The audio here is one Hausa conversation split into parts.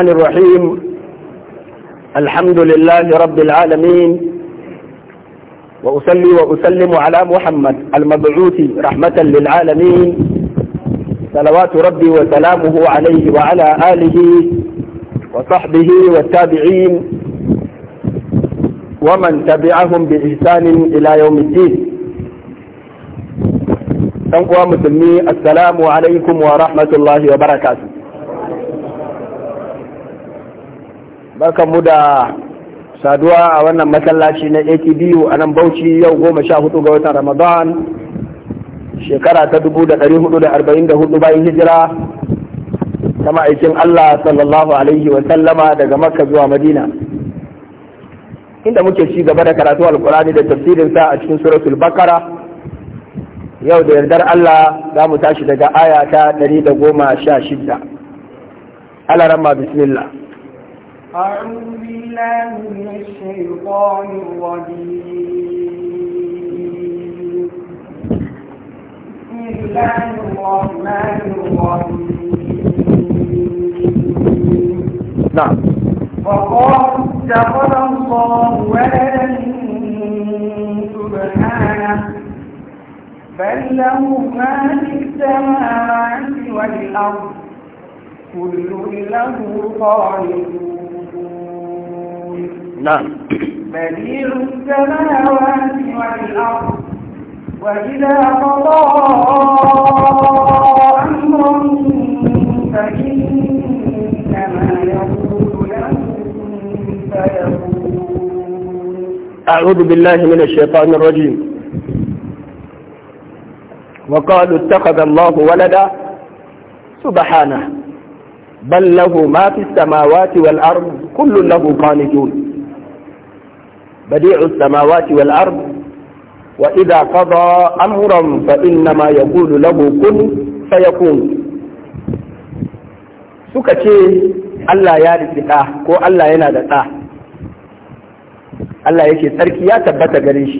الرحمن الرحيم الحمد لله رب العالمين وأصلي وأسلم على محمد المبعوث رحمة للعالمين صلوات ربي وسلامه عليه وعلى آله وصحبه والتابعين ومن تبعهم بإحسان إلى يوم الدين أنقوى مسلمي السلام عليكم ورحمة الله وبركاته mu da saduwa a wannan masallaci na ATBU a nan Bauchi yau goma sha hudu ga watan Ramadan shekara ta dubu da ɗari hudu da arba'in da hudu bayan hijira ta ma'aikin Allah sallallahu alaihi wa sallama daga Makka zuwa Madina inda muke ci gaba da karatu alkurani da tafsirin sa a cikin suratul Bakara yau da yardar Allah za mu tashi daga aya ta ɗari da goma sha shida. Allah ramma bismillah أعوذ بالله من الشيطان الرجيم بسم الله الرحمن الرحيم نعم فقالوا اتخذ الله ولدا سبحانه بل له ما في السماوات والأرض كل له خالقون نعم بديع السماوات والأرض وإذا قضى أمرا فإنما يقول له فيقول أعوذ بالله من الشيطان الرجيم وقالوا اتخذ الله ولدا سبحانه بل له ما في السماوات والأرض كل له قانتون بديع السماوات والأرض وإذا قضى أمرا فإنما يقول له كن فيكون سكتي ألا يارد لقاه كو الله ينادى قاه ألا يشي تركيا Sarki قريش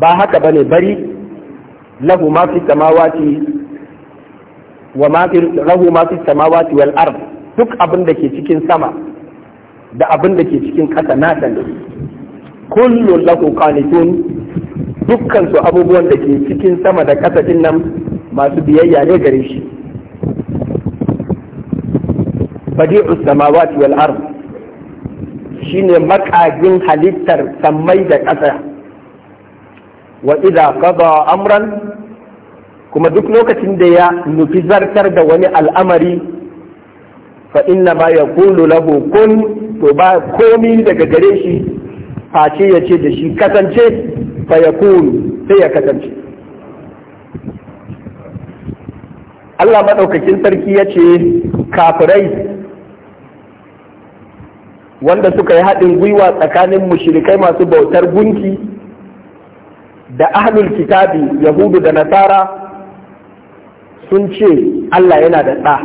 tabbata gare shi, له ما في السماوات wa ma lahu ma fi samawati wal ard duk abin da ke cikin sama da abin da ke cikin ƙasa na ne kullun lahu qanitun dukkan su abubuwan da ke cikin sama da ƙasa din nan masu biyayya ne gare shi badi'u samawati wal ard shine makagin halittar samai da ƙasa wa idza qada amran kuma duk lokacin da ya nufi zartar da wani al'amari fa inna ma ya kulu lahu kun to ba komi daga gare shi face ya ce da shi kasance fa ya kulu sai ya kasance Allah maɗaukakin sarki ya ce kafirai wanda suka yi haɗin gwiwa tsakanin mushirikai masu bautar gunki da ahlul kitabi yahudu da nasara sun ce Allah yana da ɗa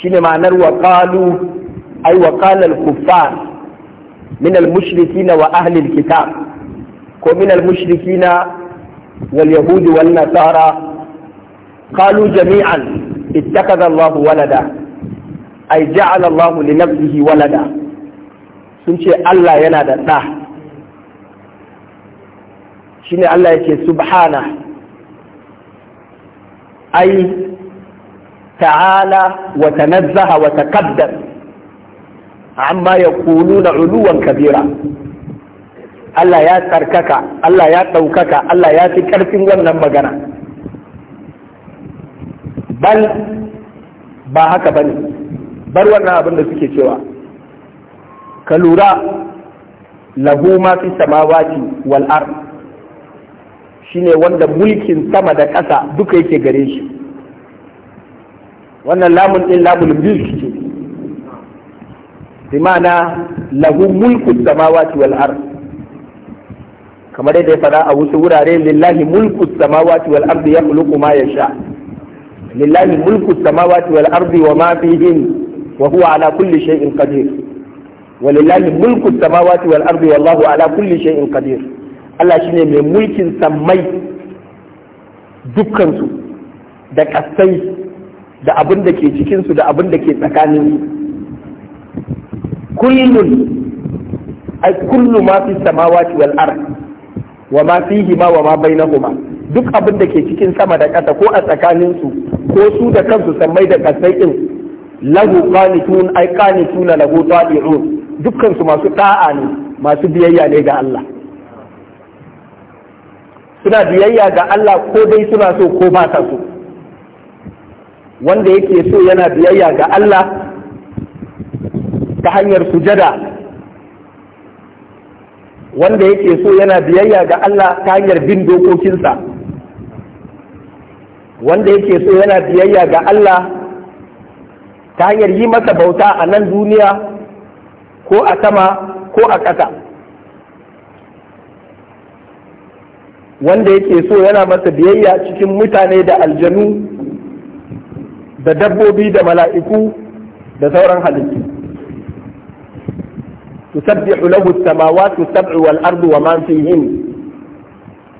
shi ne ma'anar waƙalu ai waƙalar kufar minal mushriki wa ahlil kitab ko minal mushriki na wal yahudi wal nasara qalu jami'an ittakaza Allah walada ai ja'ala Allah li nafsihi walada sun ce Allah yana da ɗa shi ne subhana ai ta'ala wa tanazzaha wata taqaddam amma na uluwan kabira Allah ya tsarkaka Allah ya ɗaukaka Allah ya fi ƙarfin wannan magana bal ba haka bane bar wannan abin da suke cewa ka lura lahu ma fi samawati wal ard shine wanda mulkin sama da ƙasa duka yake gare shi wannan lamun ɗin lamun mulki ce bimana lahu mulku samawati wal ard kamar yadda ya fara a wasu wurare lillahi mulku samawati wal ya kuluku ma ya sha. lillahi mulku samawati wal ard wa ma fihin wa huwa ala kulli shay'in qadir ولله ملك السماوات والأرض والله ala كل شيء kadir. Allah shine mai mulkin sammai dukkansu da kasai da abin da ke cikinsu da abin da ke tsakanin kullun ai kullu ma fi samawati wal ard wa ma fihi ma wa ma bainahuma duk abin da ke cikin sama da ƙasa ko a tsakaninsu ko su da kansu sammai da kasai din lahu qanitun ai qanituna lahu tabi'un dukkan su masu ta'a ne masu biyayya ne ga Allah suna biyayya ga Allah ko dai suna so ko ba sa so wanda yake so yana biyayya ga Allah ta hanyar sujada wanda yake so yana biyayya ga Allah ta hanyar bin dokokinsa wanda yake so yana biyayya ga Allah ta hanyar yi masa bauta a nan duniya ko a sama ko a ƙasa wanda yake so yana masa biyayya cikin mutane da aljanu da dabbobi da mala'iku da sauran halittu tusabbihu lahu as-samawati as-sab'u wal ardu wa man fihin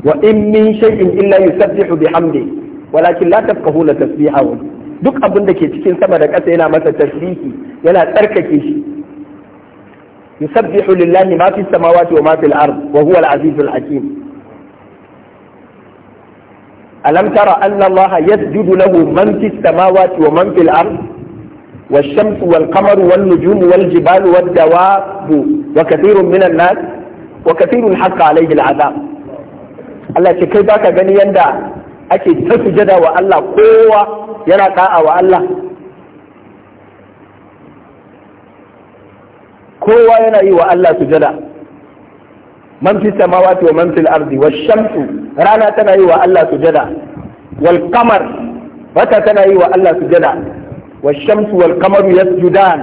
wa in min shay'in illa yusabbihu bihamdi walakin la tafqahuna tasbihahu duk abin da ke cikin sama da ƙasa yana masa tasbihi yana tsarkake shi yusabbihu lillahi ma fi samawati wa ma fil ard wa huwa al-azizul hakim ألم ترى أن الله يسجد له من في السماوات ومن في الأرض والشمس والقمر والنجوم والجبال والدواب وكثير من الناس وكثير حق عليه العذاب الله تكي باكا baka gani أكي تسجد وألا قوة wa وألا قوة yana وألا إيوة تجد man fi samawati wa man fil ardi wash shamsu rana tana yi wa Allah sujada wal qamar wata tana yi wa Allah sujada wash shamsu wal qamaru yasjudan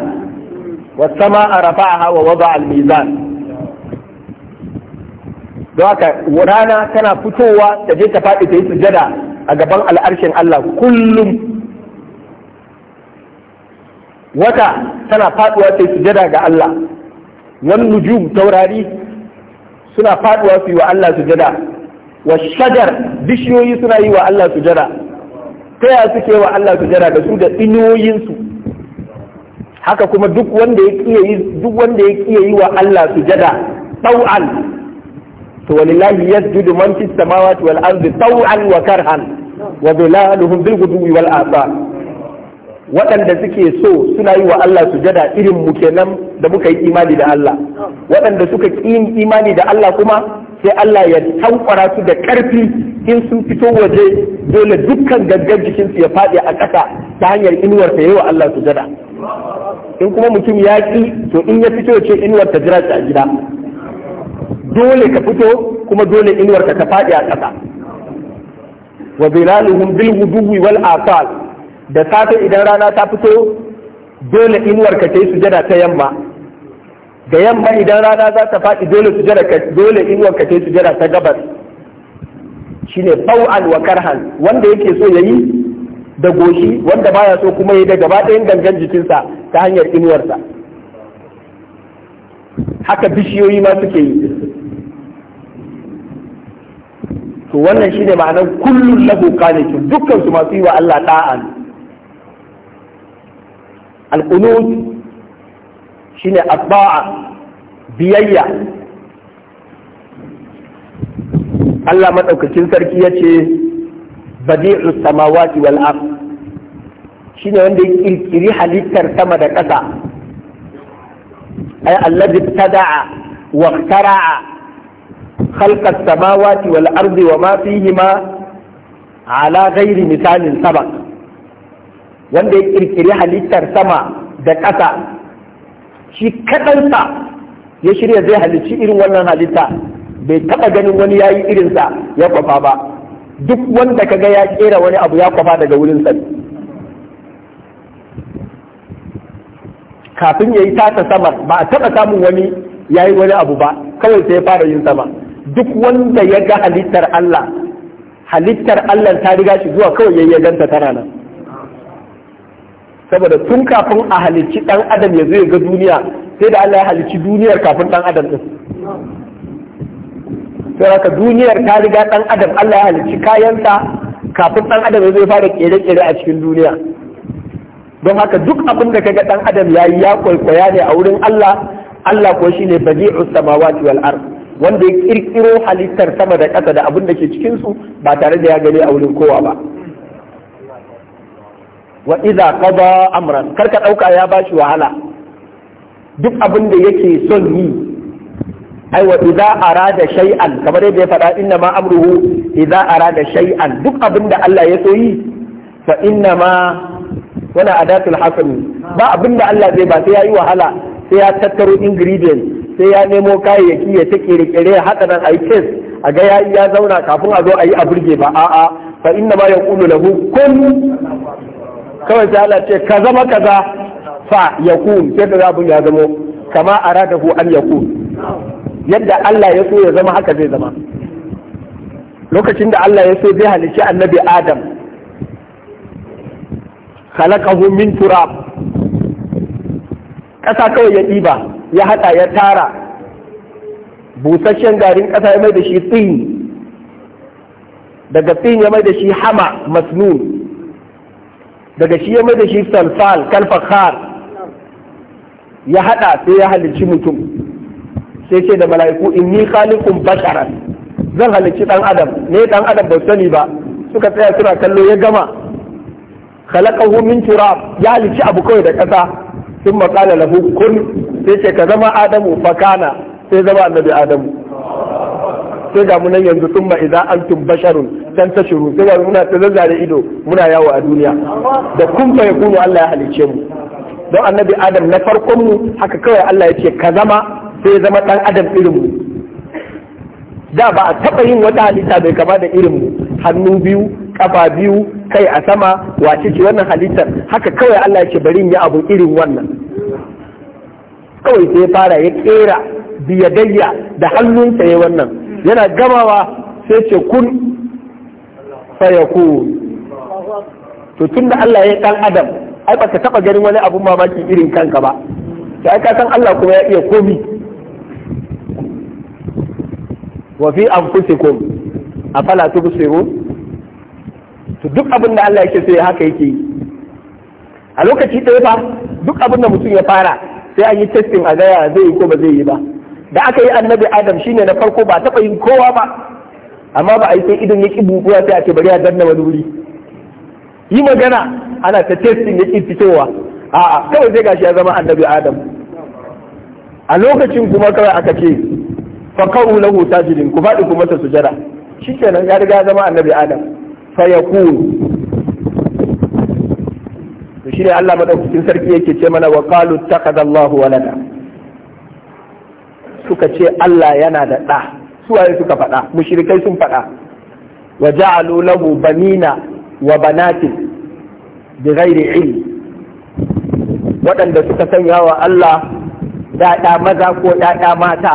was samaa rafa'aha wa wada'a al mizan don haka rana tana fitowa ta je ta faɗi ta yi sujada a gaban al'arshin Allah kullum wata tana faɗuwa ta yi sujada ga Allah wani nujum taurari suna faduwa su yi wa Allah sujada wa shajar bishiyoyi suna yi wa Allah sujada ta ya suke wa Allah sujada da su da inuyoyinsu haka kuma duk wanda ya kiyaye yi duk wanda ya kiyaye yi wa Allah sujada tau'an to walillahi yasjudu man fis samawati wal ardi tau'an wa karhan wa dhulaluhum bil ghudwi wal asar waɗanda suke so suna yi wa Allah sujada irin mu kenan da muka yi imani da Allah waɗanda suka ƙi imani da Allah kuma sai Allah ya tankwara su da ƙarfi in sun fito waje dole dukkan gangan jikinsu ya faɗi a ƙasa ta hanyar inuwar ta yi wa Allah sujada in kuma mutum ya ƙi to in ya fito ce inuwar ta jira a gida dole ka fito kuma dole inuwar ka ta faɗi a ƙasa wa bilaluhum bil wal asal da safe idan rana ta fito dole inuwar ka yi sujada ta yamma da yamma idan rana za ta faɗi dole sujada ka dole inuwar ka yi sujada ta gabas shine fau'an wa karhan wanda yake so yayi da goshi wanda baya so kuma yayi da gaba ɗayan gangan jikinsa ta hanyar inuwarsa haka bishiyoyi ma suke yi to wannan shine ma'anar kullum lahu qanitun dukkan su masu yi wa Allah da'a alƙunut shi ne abba'a biyayya Allah maɗaukakin sarki ya ce badi'u samawati wal ard shi ne wanda ya ƙirƙiri halittar sama da ƙasa ay allazi tada'a wa ikhtara'a khalqa as-samawati wal ardi wa ma fihima ala ghairi misalin sabaq wanda ya kirkiri halittar sama da ƙasa shi kaɗansa ya shirya zai halicci irin wannan halitta bai taɓa ganin wani ya yi irinsa ya kwafa ba duk wanda ka ga ya ƙera wani abu ya kwafa daga wurin sa kafin ya yi tasa samar ba a taɓa samun wani ya yi wani abu ba kawai sai ya fara yin sama duk wanda ya ga halittar Allah halittar Allah ta riga shi zuwa kawai ya ganta tana nan saboda tun kafin a halicci dan adam ya zo ga duniya sai da Allah ya halicci duniyar kafin dan adam din sai haka duniyar ta riga dan adam Allah ya halicci kayansa kafin ɗan adam ya zo fara kere-kere a cikin duniya don haka duk abin da kaga ɗan adam ya yi ya kwaikwaya ne a wurin Allah Allah ko shine badi'us samawati wal ard wanda ya ƙirƙiro halittar sama da ƙasa da abin da ke cikin su ba tare da ya gani a wurin kowa ba wa idza qada amran karka dauka ya bashi wahala duk abin da yake son yi ai wa idza arada shay'an kamar yadda ya faɗa inna ma amruhu idza arada shay'an duk abin da Allah ya so yi fa inna ma wana adatul hasan ba abin da Allah zai ba sai ya yi wahala sai ya tattaro ingredients sai ya nemo kayayyaki ya ta kere-kere ya haɗa nan ayi kes a ga yayi ya zauna kafin a zo a yi a burge ba a'a fa inna ma yaqulu lahu kun kawai sai Allah ce ka zama kaza fa yakun sai kaza abin ya zamo kama aradahu an yakun yadda Allah ya so ya zama haka zai zama lokacin da Allah ya so zai halicci annabi Adam khalaqahu min turab ƙasa kawai ya ɗiba ya haɗa ya tara busasshen garin ƙasa ya mai da shi tsini daga tsini ya mai da shi hama masnun daga shi ya mai da shi salsal kalfakhar ya hada sai ya halicci mutum sai ce da mala'iku inni khaliqun basharan zan halicci dan adam ne dan adam ba sani ba suka tsaya suna kallo ya gama khalaqahu min turab ya halicci abu kawai da kasa sun matsala lahu kun sai ce ka zama adamu fakana sai zama annabi adamu sai ga munan yanzu tun ma idan tun basharun dan shiru sai ga muna ta zazzare ido muna yawo a duniya da kun fa yakunu Allah ya halice mu don annabi adam na farkon mu haka kawai Allah ya ce ka zama sai zama dan adam irin mu da ba a taba yin wata halitta bai kama da irin mu hannu biyu kafa biyu kai a sama wace ce wannan halittar haka kawai Allah ya ce bari in abu irin wannan kawai sai ya fara ya kera biyadayya da hannunsa ya wannan yana gamawa sai ce kun fayaku to tun da Allah ya yi ɗan adam ai baka taɓa ganin wani abun mamaki irin kanka ba ai ka san Allah kuma ya iya komi wa fi anfusikum afala tubsiru to duk abin da Allah yake sai haka yake a lokaci ɗaya fa duk abin da mutum ya fara sai an yi testing a gaya zai yi ko ba zai yi ba da aka yi annabi adam shine na farko ba taɓa yin kowa ba amma ba a yi sai idan ya ƙi buɗuwa sai a ce bari a danna wani wuri yi magana ana ta testing ya ƙi fitowa a kawai zai gashi ya zama annabi adam a lokacin kuma kawai aka ce fakau lahu tajidin ku faɗi kuma ta sujada shikenan ya riga zama annabi adam fa yakunu to shine Allah madaukakin sarki yake ce mana wa qalu takhadallahu walada suka ce Allah yana da ɗa suwaye suka faɗa mushrikai sun faɗa wa ja'alu lahu banina wa banatin bi ghairi ilmi waɗanda suka sanya wa Allah ɗaɗa maza ko ɗaɗa mata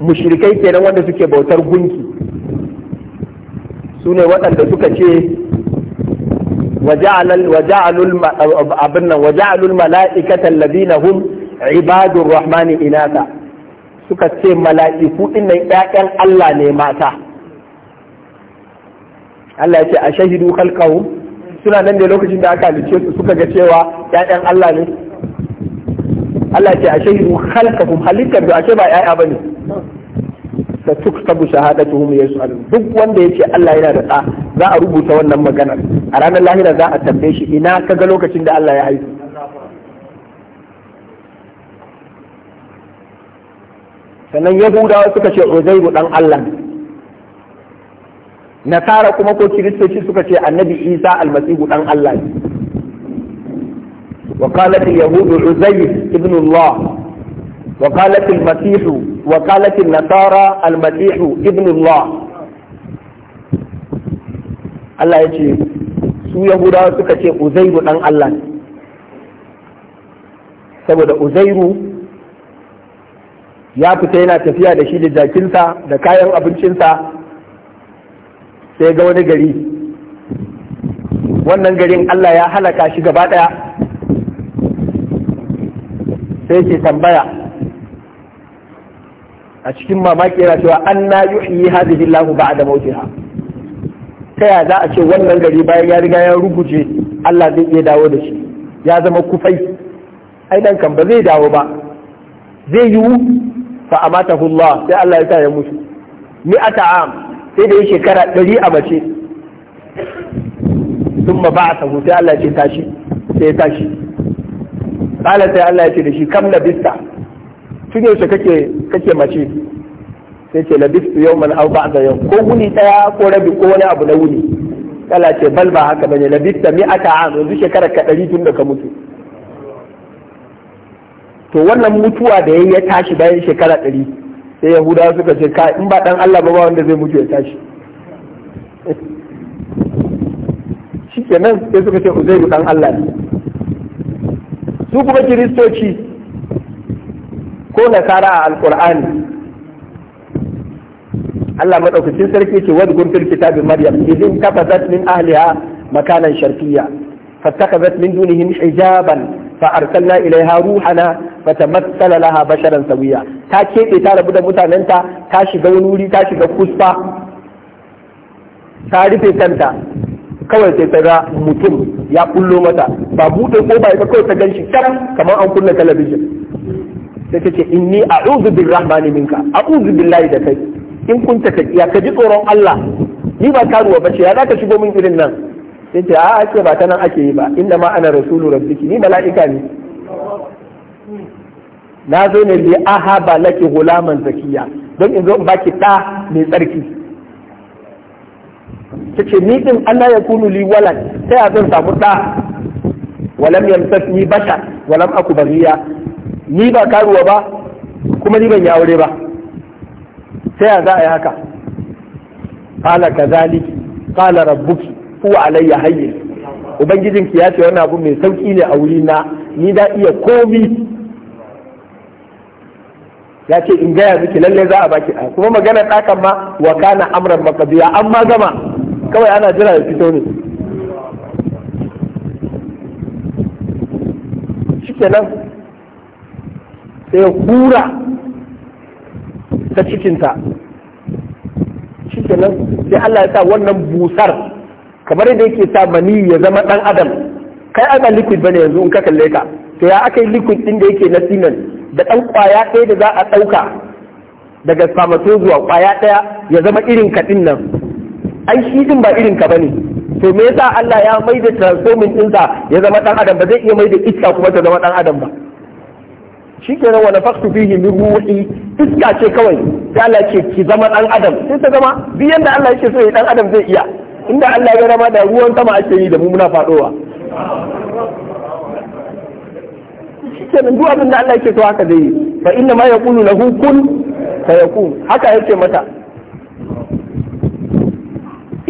mushrikai kenan wanda suke bautar gunki su ne waɗanda suka ce waja'alul abin nan waja'alul mala'ikatan labina hum ibadur rahmani inata suka ce mala'iku nan ƴaƴan Allah ne mata Allah ya ce a shahidu khalqahum suna nan ne lokacin da aka halice su suka ga cewa ƴaƴan Allah ne Allah ya ce a shahidu khalqahum halittar da ake ba ƴaƴa bane ta tuktabu shahadatuhum yas'alun duk wanda yace Allah yana da ɗa za a rubuta wannan maganar a ranar lahira za a tambaye shi ina kaga lokacin da Allah ya haifu sannan yahudawa suka ce uzairu dan Allah tara kuma ko kiristoci suka ce annabi isa almasihu dan Allah ne wa qalat yahudu uzair ibn Allah wa kalatin Masihu, wa qalat nasara almasih ibn Allah Allah ya ce su yahudawa suka ce uzairu dan Allah ne saboda uzairu ya fita yana tafiya da shi da jakinsa da kayan abincinsa sai ga wani gari wannan garin Allah ya halaka shi gaba ɗaya sai ke tambaya a cikin mamaki yana cewa an na yuhyi lahu Allahu ba'da mautiha ta ya za a ce wannan gari bayan ya riga ya rubuce Allah zai iya dawo da shi ya zama kufai ainihin kan ba zai dawo ba zai yiwu fa amatahu Allah sai Allah ya sa ya mutu mi'ata am sai da yi shekara ɗari a mace thumma ba'athahu sai Allah ya ce tashi sai ya tashi qala sai Allah ya ce da shi kam labista tun yaushe kake kake mace sai ce labistu yawman aw ba'da yau ko wuni daya ko rabi ko wani abu na wuni Allah ce bal ba haka bane labista mi'ata am yanzu shekara ka ɗari tun da ka mutu to wannan mutuwa da ya tashi bayan shekara ɗari sai yahudawa suka ce ka in ba dan Allah ba wanda zai mutu ya tashi nan sai suka ce uzairu dan Allah ne su kuma kiristoci ko nasara a Alƙur'ani. Allah maɗaukacin sarki ce wadgur fil kitabi maryam idin tafazat min ahliha makanan sharqiyya fattakhazat min dunihim hijaban فأرسلنا إليها روحنا fata matsala laha basharan sawiya ta keɓe ta rabu da mutanenta ta shiga wani wuri ta shiga kuspa. ta rufe kanta kawai sai ta ga mutum ya kullo mata ba buɗe ko ba ita kawai ta gan shi karam kamar an kunna talabijin sai ta ce inni a'udhu birrahmani minka a'udhu billahi da kai in kunta taqiya ka ji tsoron Allah ni ba karuwa ba ce ya zaka shigo min irin nan sai ce a'a ce ba ta nan ake yi ba inna ma ana rasulu rabbiki ni mala'ika ne na zo ne aha ba laki gulaman zakiya don in zo in baki ɗa mai tsarki ta ce ni ɗin Allah ya kunu li walad ta ya zan samu ɗa walam ni bata walam aku bariya ni ba karuwa ba kuma ni ban yi aure ba ta ya za a yi haka qala kazaliki qala rabbuki huwa alayya hayyin ubangijinki ya ce wannan abu mai sauki ne a wuri na, ni da iya komi ya ce in gaya miki lalle za a baki kuma magana ɗakan ma wa kana amran makabiya an ma gama kawai ana jira ya fito ne shikenan sai hura ta cikinta shikenan sai Allah ya sa wannan busar kamar yadda yake sa mani ya zama dan adam kai aka liquid bane yanzu in ka kalle ka to ya aka yi liquid ɗin da yake na sinan da ɗan ƙwaya ɗaya da za a ɗauka daga samato zuwa ƙwaya ɗaya ya zama irin ka nan ai shi ɗin ba irin ka bane to me yasa Allah ya mai da transforming ɗinsa ya zama ɗan adam ba zai iya mai da iska kuma ta zama ɗan adam ba shi ke nan wani faktu fihi min ruhi iska ce kawai sai Allah ce ki zama ɗan adam sai ta zama duk yanda Allah yake so ya ɗan adam zai iya inda Allah ya rama da ruwan sama ake yi da mu muna faɗowa. kenan duk abin da Allah yake so haka zai yi fa inna ma yaqulu lahu kun fayakun haka yake mata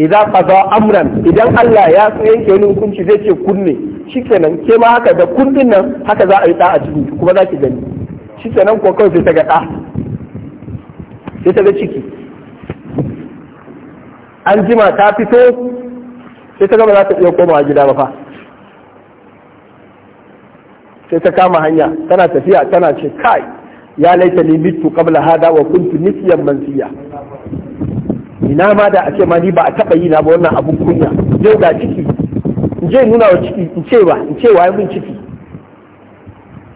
idza qada amran idan Allah ya so yanke wani hukunci zai ce kun ne shikenan ke ma haka da kun din nan haka za a yi da'a a ciki kuma za ki gani shikenan ko kawai sai ta ga da sai ta ga ciki an jima ta fito sai ta gama za ta iya komawa gida ba fa sai ta kama hanya tana tafiya tana ce kai ya laita ni mitu kabla hada wa kuntu nisyan mansiya ina ma da a ce ma ni ba a taba yi na ba wannan abun kunya yau da ciki in je nuna wa ciki in ce ba in ce wa mun ciki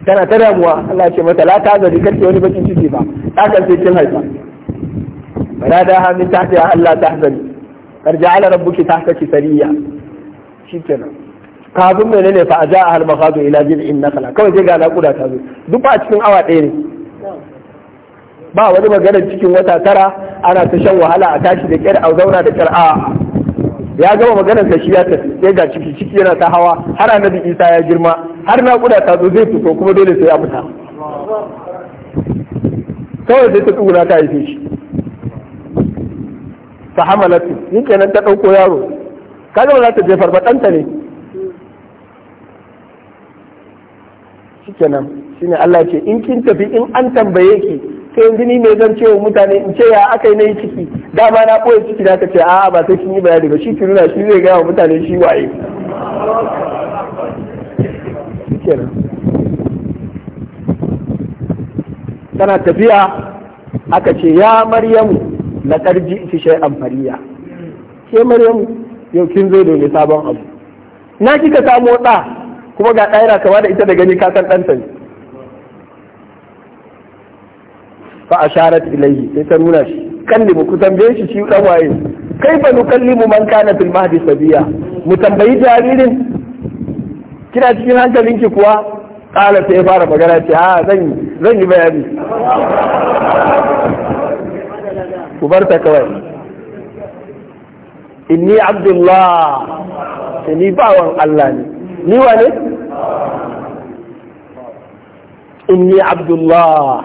tana ta damuwa Allah ce mata la ta da kake wani bakin ciki ba ta kan sai kin haifa da ha min tahtiha Allah ta tahzani ta rabbuki ki sariya shikenan kafin menene fa aja ahal mafadu ila na kala kawai sai ga nakuda ta zo duk a cikin awa ɗaya ne ba wani maganar cikin wata tara ana ta shan wahala a tashi da kyar a zauna da kyar a ya gama maganar sa shi ya tafi sai ga ciki ciki yana ta hawa har annabi Isa ya girma har nakuda ta zo zai fito kuma dole sai ya fita kawai sai ta tsuguna ta haife shi fa hamalatu yin kenan ta ɗauko yaro kaga ba za ta jefar ba ɗanta ne shikenan shine Allah ce in kin tafi in an tambaye ki sai yanzu ni mai zan ce wa mutane in ce ya aka yi na yi ciki dama na koya ciki na ka ce a'a ba sai kin yi bayani ba shi ki nuna shi zai gaya wa mutane shi waye tana tafiya aka ce ya maryamu ƙarji ji'ti shai amfariya ke maryamu yau kin zo da sabon abu na kika samo ɗa kuma ga ɗaya na kama da ita da gani ka san ɗanta ne fa asharat ilayhi sai ta nuna shi kallimu ku tambaye shi shi dan waye kai fa kallimu man kana fil mahdi sabiya mu tambayi jaririn kina cikin hankalinki kuwa kala sai fara magana ce a zan zan yi bayani ku bar ta kawai inni abdullah ni bawan Allah ne ni wane inni abdullah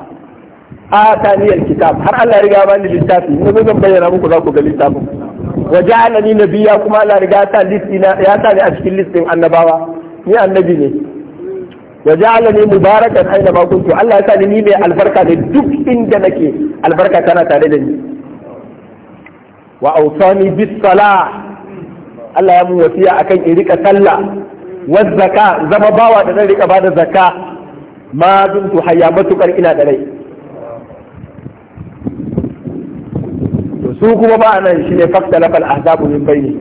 a ta niyar kitab har Allah ya riga ni littafi ne zan bayyana muku za ku ga littafin wa ja'alani nabiyya kuma Allah riga ya na ya sa ni a cikin listin annabawa ni annabi ne wa ni mubarakan aina ba kuntu Allah ya sa ni mai albarka da duk inda nake albarka tana tare da ni wa awsani bis salah Allah ya mu wasiya akan in rika sallah wazzaka zama bawa da zan rika bada zakka ma dumtu hayya matukar ina da rai su kuma ba nan shi ne fakta lafal ahzabu min bayni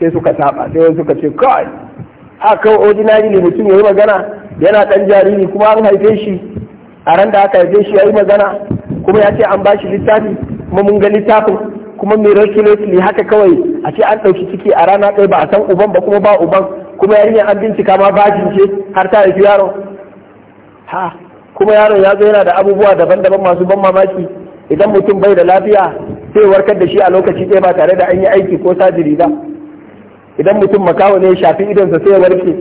sai suka saba sai wani suka ce kai haka ordinary ne mutum yayi magana yana dan jariri kuma an haife shi a ran da aka haife shi yayi magana kuma ya ce an bashi littafi kuma mun ga littafin kuma miraculously haka kawai a ce an ɗauki ciki a rana ɗaya ba a san uban ba kuma ba uban kuma yarinya an bincika ma bajin ce har ta haifi yaron ha kuma yaron ya zo yana da abubuwa daban-daban masu ban mamaki idan mutum bai da lafiya sai warkar da shi a lokaci ɗaya ba tare da an yi aiki ko sajiri ba idan mutum makawa ne ya shafi idonsa sai ya warke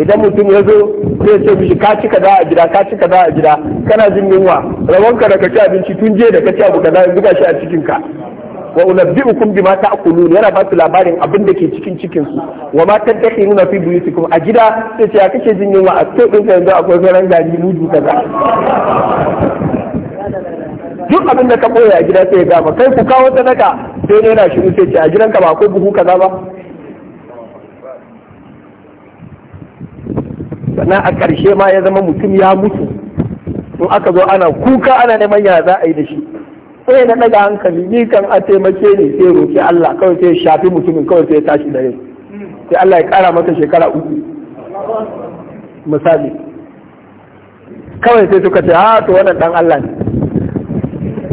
idan mutum ya zo sai ya ce mishi ka ci kaza a gida ka ci kaza a gida kana jin yunwa rabonka da ka ci abinci tun je da ka ci abu kaza zuba shi a cikin ka wa unabbi'ukum bima ta'kulun yana ba su labarin abin da ke cikin cikin su wa ma tadakhiruna fi buyutikum a gida sai ce kace jin yunwa a sai din yanzu akwai garan gari mudu kaza duk abin da ka koya a gida sai ya gama kai ku kawo sadaka sai ne yana shiru sai ce a gidan ka ba akwai buhu kaza ba sannan a ƙarshe ma ya zama mutum ya mutu in aka zo ana kuka ana neman ya za a yi da shi sai na daga hankali ni kan a taimake ni sai roki Allah kawai sai shafi mutumin kawai sai tashi da yau sai Allah ya kara mata shekara uku misali kawai sai suka ce haa ah, to wannan dan Allah ne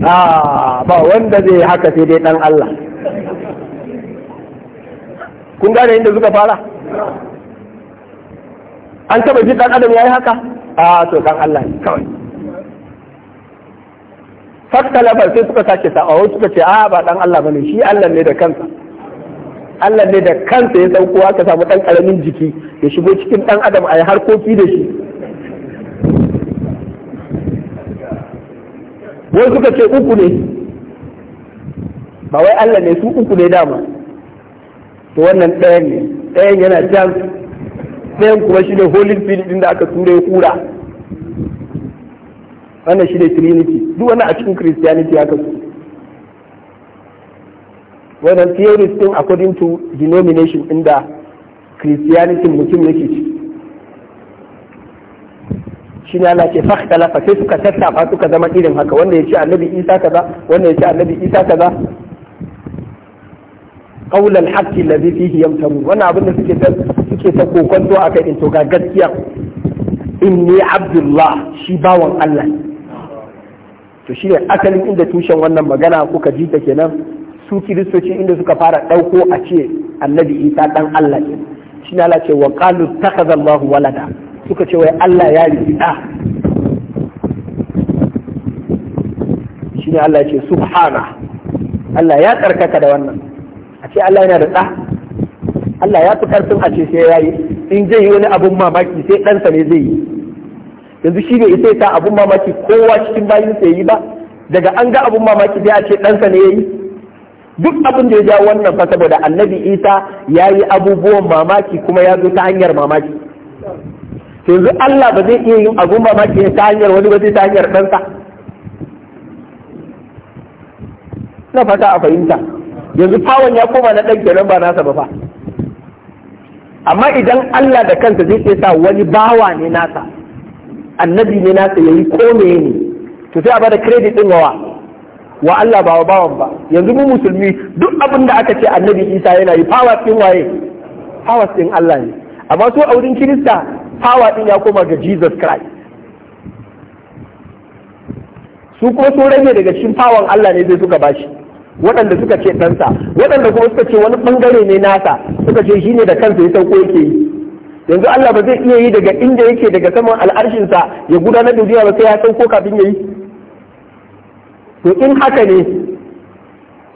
a ah, ba wanda zai haka sai dai dan Allah kun gane inda suka fara an taba ji dan adam yayi haka a ah, to dan Allah ne kawai faktalafa sai suka sake sa'awo suka ce a ah, ba dan Allah bane shi Allah ne da kansa Allah ne da kansa ya sauko aka samu ɗan ƙaramin jiki ya shigo cikin ɗan adam a yi harkoki da shi wai suka ce uku ne ba wai Allah ne su uku ne dama to wannan ɗayan ne ɗayan yana can ɗayan kuma shi ne holy spirit da aka tura ya kura wannan shi ne trinity duk wani a cikin christianity haka su wannan theories din according to denomination inda christianity mutum yake ci shi ne Allah ce fakhtalafa sai suka tattafa suka zama irin haka wanda ya ce annabi isa kaza wanda ya ce annabi isa kaza qawl al-haqqi alladhi fihi yamtaru wannan abin da suke ta suke ta kokonto akai in to ga gaskiya inni abdullah shi bawan Allah to shi ne asalin inda tushen wannan magana kuka ji ta kenan su kiristoci inda suka fara ɗauko a ce annabi isa ɗan allah ne shi na ce wa qalu takhazallahu walada suka ce wai allah ya yi ɗa shi ne allah ya ce subhana allah ya tsarkaka da wannan a ce allah yana da ɗa allah ya fi ƙarfin a ce sai ya yi in zai yi wani abun mamaki sai ɗansa ne zai yi yanzu shi ne ita ta abun mamaki kowa cikin bayin sa yi ba daga an ga abun mamaki sai a ce ɗansa ne yi duk abin da ya ja wannan fa saboda annabi isa ya yi abubuwan mamaki kuma ya zo ta hanyar mamaki yanzu allah ba zai iya yin abun mamaki ta hanyar wani ba zai ta hanyar ɗansa na fata a fahimta yanzu fawon ya koma na ɗan kenan ba nasa ba fa amma idan allah da kansa zai sa wani bawa ne nasa annabi ne nasa yayi ko me ne to sai a bada credit din wa wa Allah ba wa bawan ba yanzu mu musulmi duk abin da aka ce annabi Isa yana yi power din waye power din Allah ne amma su a wurin Kirista power din ya koma ga Jesus Christ su kuma sun rage daga cikin pawan Allah ne zai suka bashi waɗanda suka ce ɗansa waɗanda kuma suka ce wani ɓangare ne nasa suka ce shine da kansa ya sauko yake yi yanzu Allah ba zai iya yi daga inda yake daga saman al'arshinsa ya gudanar da duniya ba sai ya sauko kafin ya yi to in haka ne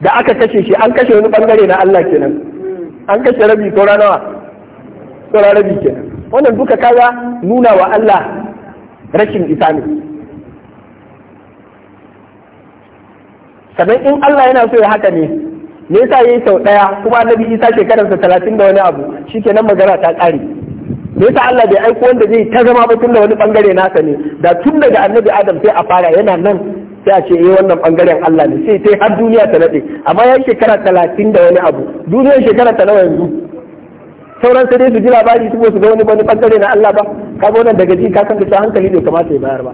da aka kashe shi an kashe wani bangare na Allah kenan an kashe rabi ko nawa ko rabi kenan wannan duka kaga nuna wa Allah rashin isa ne sannan in Allah yana so ya haka ne me yasa yayi sau daya kuma annabi Isa shekararsa talatin da wani abu shikenan magana ta ƙare me yasa Allah bai aiko wanda zai ta zama ba tun da wani bangare nasa ne da tun daga annabi Adam sai a fara yana nan sai a ce eh wannan bangaren Allah ne sai sai har duniya ta nade amma ya shekara talatin da wani abu duniya shekara ta nawa yanzu sauran sai dai su ji labari su su ga wani wani bangare na Allah ba Ka ga wannan daga ji ka san da hankali bai kamata ya bayar ba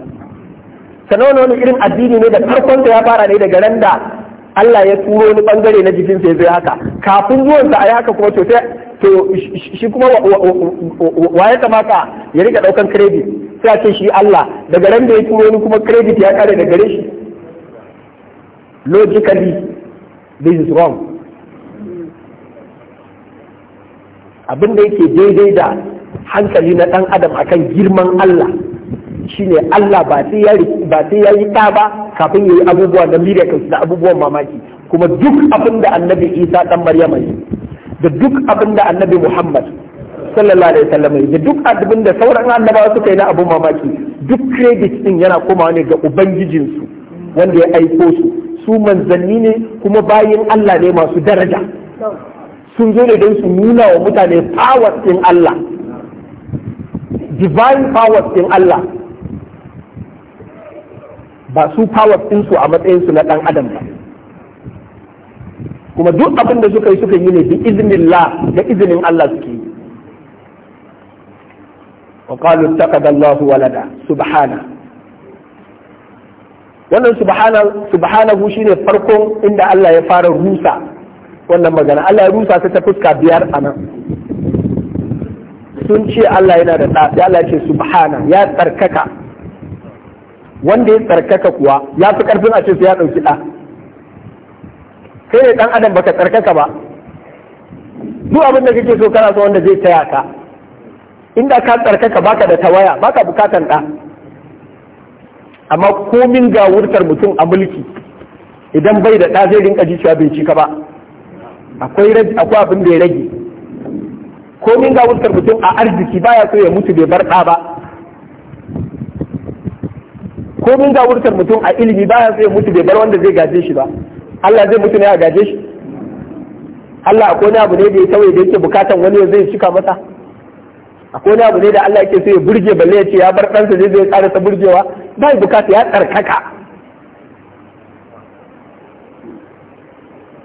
sanan wani irin addini ne da farkon ya fara ne daga randa Allah ya turo wani bangare na jikinsa ya zai haka kafin zuwansa a yi haka kuma to sai to shi kuma wa ya kamata ya rika daukan credit sai ce shi Allah daga ran da ya turo ni kuma credit ya kare da gare shi logically this is wrong abin da yake daidai da hankali na dan adam akan girman Allah shine Allah ba sai ya ba sai ya yi ta ba kafin yayi abubuwa da miracles da abubuwan mamaki kuma duk abin da Annabi Isa dan Maryama yi da duk abin da annabi Muhammad sallallahu alaihi wasallam da duk abin da sauran annabawa suka yi na abun mamaki duk credit din yana koma ne ga ubangijinsu wanda ya aiko su su manzanni ne kuma bayin Allah ne masu daraja sun zo ne don su nuna wa mutane powers din Allah divine powers din Allah ba su powers din su a matsayin su na dan adam ba kuma duk abin da suka yi suka yi ne bi la, da izinin Allah suke yi wa qalu taqada Allahu walada subhana wannan subhana subhanahu shine farkon inda Allah ya fara rusa wannan magana Allah ya rusa ta ta fuska biyar anan sun ce Allah yana da ɗa Allah ce subhana ya tsarkaka wanda ya tsarkaka kuwa ya fi ƙarfin a ce su ya ɗauki ɗa kai ne dan adam baka tsarkaka ba duk abin da kake so kana so wanda zai taya ka inda ka tsarkaka baka da tawaya baka bukatan da amma komin gawurtar mutum a mulki idan bai da ɗa zai rinka ji cewa bai cika ba akwai abin da ya rage komin gawurtar mutum a arziki baya so ya mutu bai bar ɗa ba komin gawurtar mutum a ilimi baya so ya mutu bai bar wanda zai gaje shi ba Allah zai mutu ne a gaje shi Allah akwai wani abu ne da ya tawaye da yake bukatan wani zai cika masa akwai wani abu ne da Allah yake so ya burge balle ya ce ya bar ɗansa zai zai tsara ta burgewa ba bukata ya tsarkaka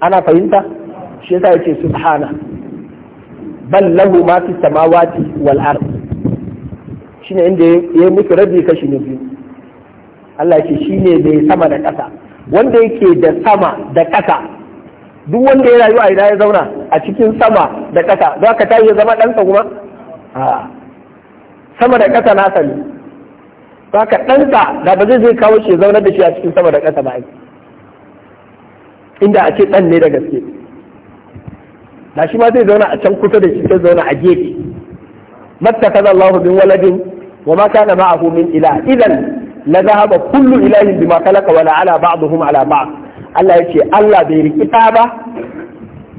ana fahimta shi yasa yake subhana bal lahu ma fi samawati wal ard shine inda yayi musu rabi kashi na biyu Allah yake shine ya sama da ƙasa wanda yake da sama da ƙasa duk wanda ya rayu a ina ya zauna a cikin sama da ƙasa za ka ta ya zama ɗansa kuma sama da ƙasa na sani za ka ɗansa da ba zai zai kawo shi zaunar da shi a cikin sama da ƙasa ba inda a ce ɗan ne da gaske da shi ma zai zauna a can kusa da shi zai zauna a gefe mattakaza Allahu bin waladin wa ma kana ma'ahu min ila idan la zahaba kullu ilahin bima kalaka wala ala ba'dhum ala ba'd Allah yace Allah bai riki ta ba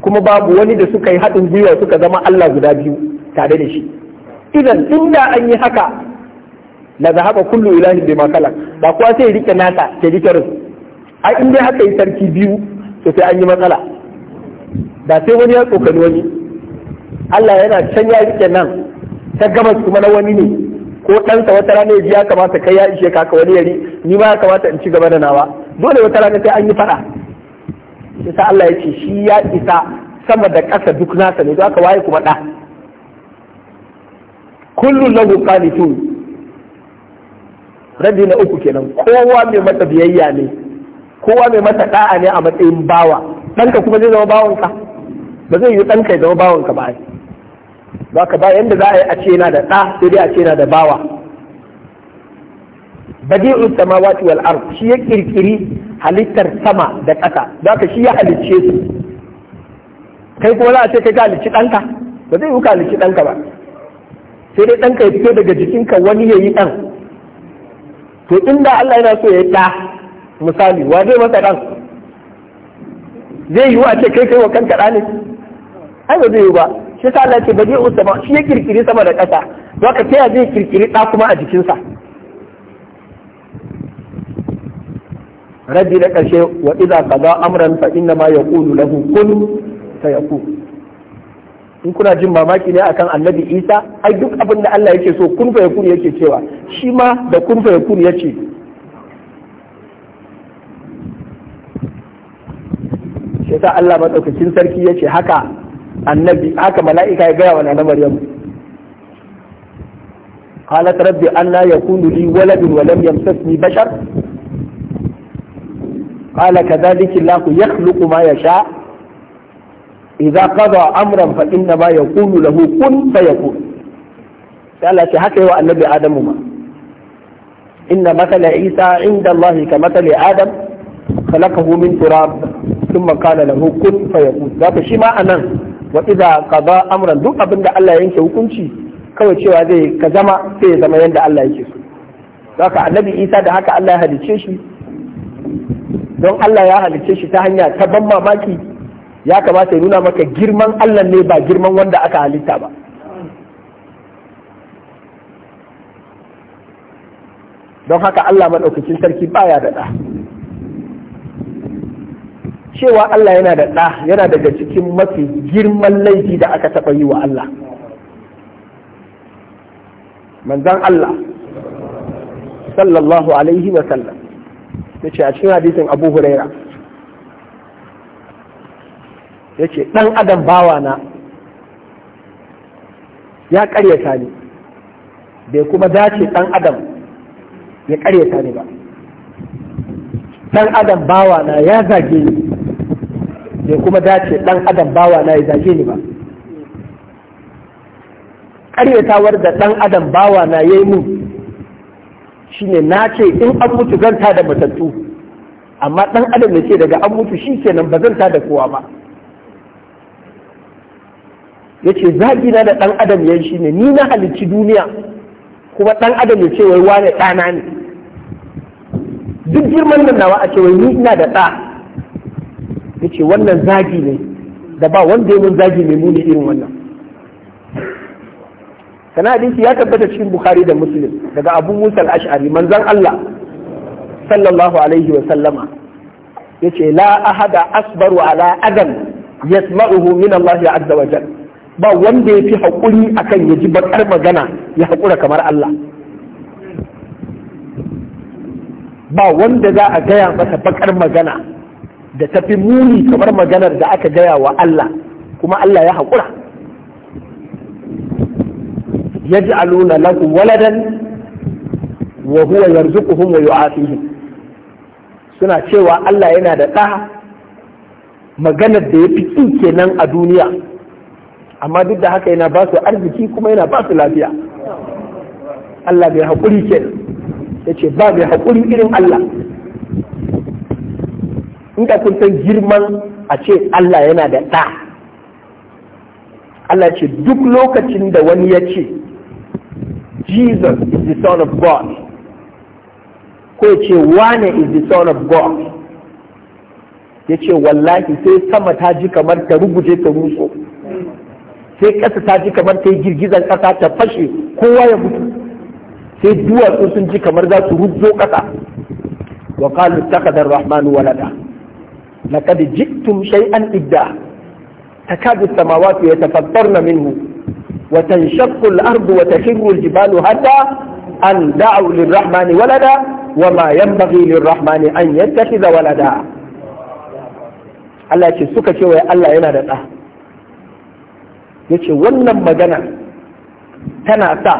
kuma babu wani da suka yi haɗin gwiwa suka zama Allah guda biyu tare da shi idan inda an yi haka la zahaba kullu ilahin bima kalaka ba kuwa sai rike nata ke rike rusu ai in haka yi sarki biyu to sai an yi matsala da sai wani ya tsokani wani Allah yana can ya rike nan ta gabas kuma na wani ne ko ɗansa wata rana ya ji kamata kai ya ishe kaka wani yari ni ma ya kamata in ci gaba da nawa dole wata rana sai an yi faɗa. Sai Allah ya ce shi ya isa sama da ƙasa duk nasa ne don aka waye kuma ɗa kullum lahu tun rabi na uku kenan kowa mai mata biyayya ne kowa mai mata ɗa'a ne a matsayin bawa ɗanka kuma zai zama bawanka ba zai yi ɗanka ya zama bawanka ba ai ka ba yadda za a yi a ce yana da ɗa sai dai a ce yana da bawa in samawati wal ard shi ya kirkiri halittar sama da ƙasa zaka shi ya halicce su kai kuma za a ce kai ka halicci ɗanka ba zai yi ka halicci ɗanka ba sai dai ɗanka ya fito daga jikinka wani ya yi ɗan to inda Allah yana so ya yi ɗa misali wa zai masa ɗan zai yi wa a ce kai kai wa kanka ɗa ne ai ba zai yi ba shi yasa Allah ce usa ba shi ya kirkiri sama da ƙasa ba ka taya zai kirkiri ɗa kuma a jikinsa rabbi na ƙarshe wa idza qada amran fa inna ma yaqulu lahu kun fayakun in kuna jin mamaki ne akan annabi isa ai duk abin da Allah yake so kun fa yakun yake cewa shi ma da kun fa ya yace shi ta Allah madaukakin sarki yace haka annabi haka mala'ika ya gaya wa nana maryam qalat rabbi an la yakunu li waladun wa lam yamsasni bashar qala kadhalika allahu yakhluqu ma yasha idza qada amran fa inna ma yakunu lahu kun fayakun sai Allah ce haka yawa annabi adamu ma inna matala isa inda allahi ka matala adam khalaqahu min turab thumma qala lahu kun fayakun zaka shi ma anan wa idza qada amran duk abin da Allah yanke hukunci kawai cewa zai ka zama sai ya zama yadda Allah yake so haka annabi Isa da haka Allah ya halice shi don Allah ya halice shi ta hanya ta ban mamaki ya kamata ya nuna maka girman Allah ne ba girman wanda aka halitta ba don haka Allah maɗaukacin sarki baya da ɗa. cewa Allah yana da ɗa yana daga cikin mafi girman laifi da aka taɓa yi wa Allah manzan Allah sallallahu alaihi wa sallam ya ce a cikin hadisin abu huraira ya ce ɗan adam bawa na ya ƙaryata ne, bai kuma dace ɗan adam ya ƙaryata ne ba ɗan adam bawa na ya zage ni bai kuma dace ɗan adam bawa na ya zage ni ba ƙaryatawar da ɗan adam bawa na ya yi mun shine na ce in an mutu zan ta da matattu amma ɗan adam da ce daga an mutu shi nan ba zan da kowa ba ya ce zagina da ɗan adam ya shi ne ni na halicci duniya kuma ɗan adam ya ce wai wane ɗana ne duk girman nan nawa a ce wai ni ina da ɗa yace wannan zagi ne da ba wanda ya mun zagi mai muni irin wannan sana hadisi ya tabbata cikin bukhari da muslim daga abu musa al-ash'ari manzon Allah sallallahu alaihi wa sallama yace la ahada asbaru ala adam yasma'uhu min Allah azza wa ba wanda ya fi haƙuri akan ya ji bakar magana ya haƙura kamar Allah ba wanda za a gaya masa bakar magana da ta fi muni kamar maganar da aka gaya wa Allah kuma Allah ya haƙura Ya ji luna lagu waladan wa huwa yarzuquhum wa yu'afihim suna cewa Allah yana da ɗa maganar da ya fi kenan a duniya amma duk da haka yana ba su arziki kuma yana ba su lafiya Allah bai haƙuri ke ya ce ba bai haƙuri irin Allah in ka kun san girman a ce Allah yana da ɗa Allah ce duk lokacin da wani ya ce Jesus is the son of God ko ya ce wane is the son of God ya ce wallahi sai sama ta ji kamar ta rubuce ta ruso sai ƙasa ta ji kamar ta yi girgizar ƙasa ta fashe kowa ya mutu sai duwatsu sun ji kamar za su rujo ƙasa wa qalu ittakhadha ar-rahmanu walada لقد جئتم شيئا إبداع تكاد السماوات يتفطرن منه وتنشق الأرض وتخر الجبال هدا أن دعوا للرحمن ولدا وما ينبغي للرحمن أن يتخذ ولدا الله يقول سكة شوية الله ينادى ده يقول مجنع تنا سا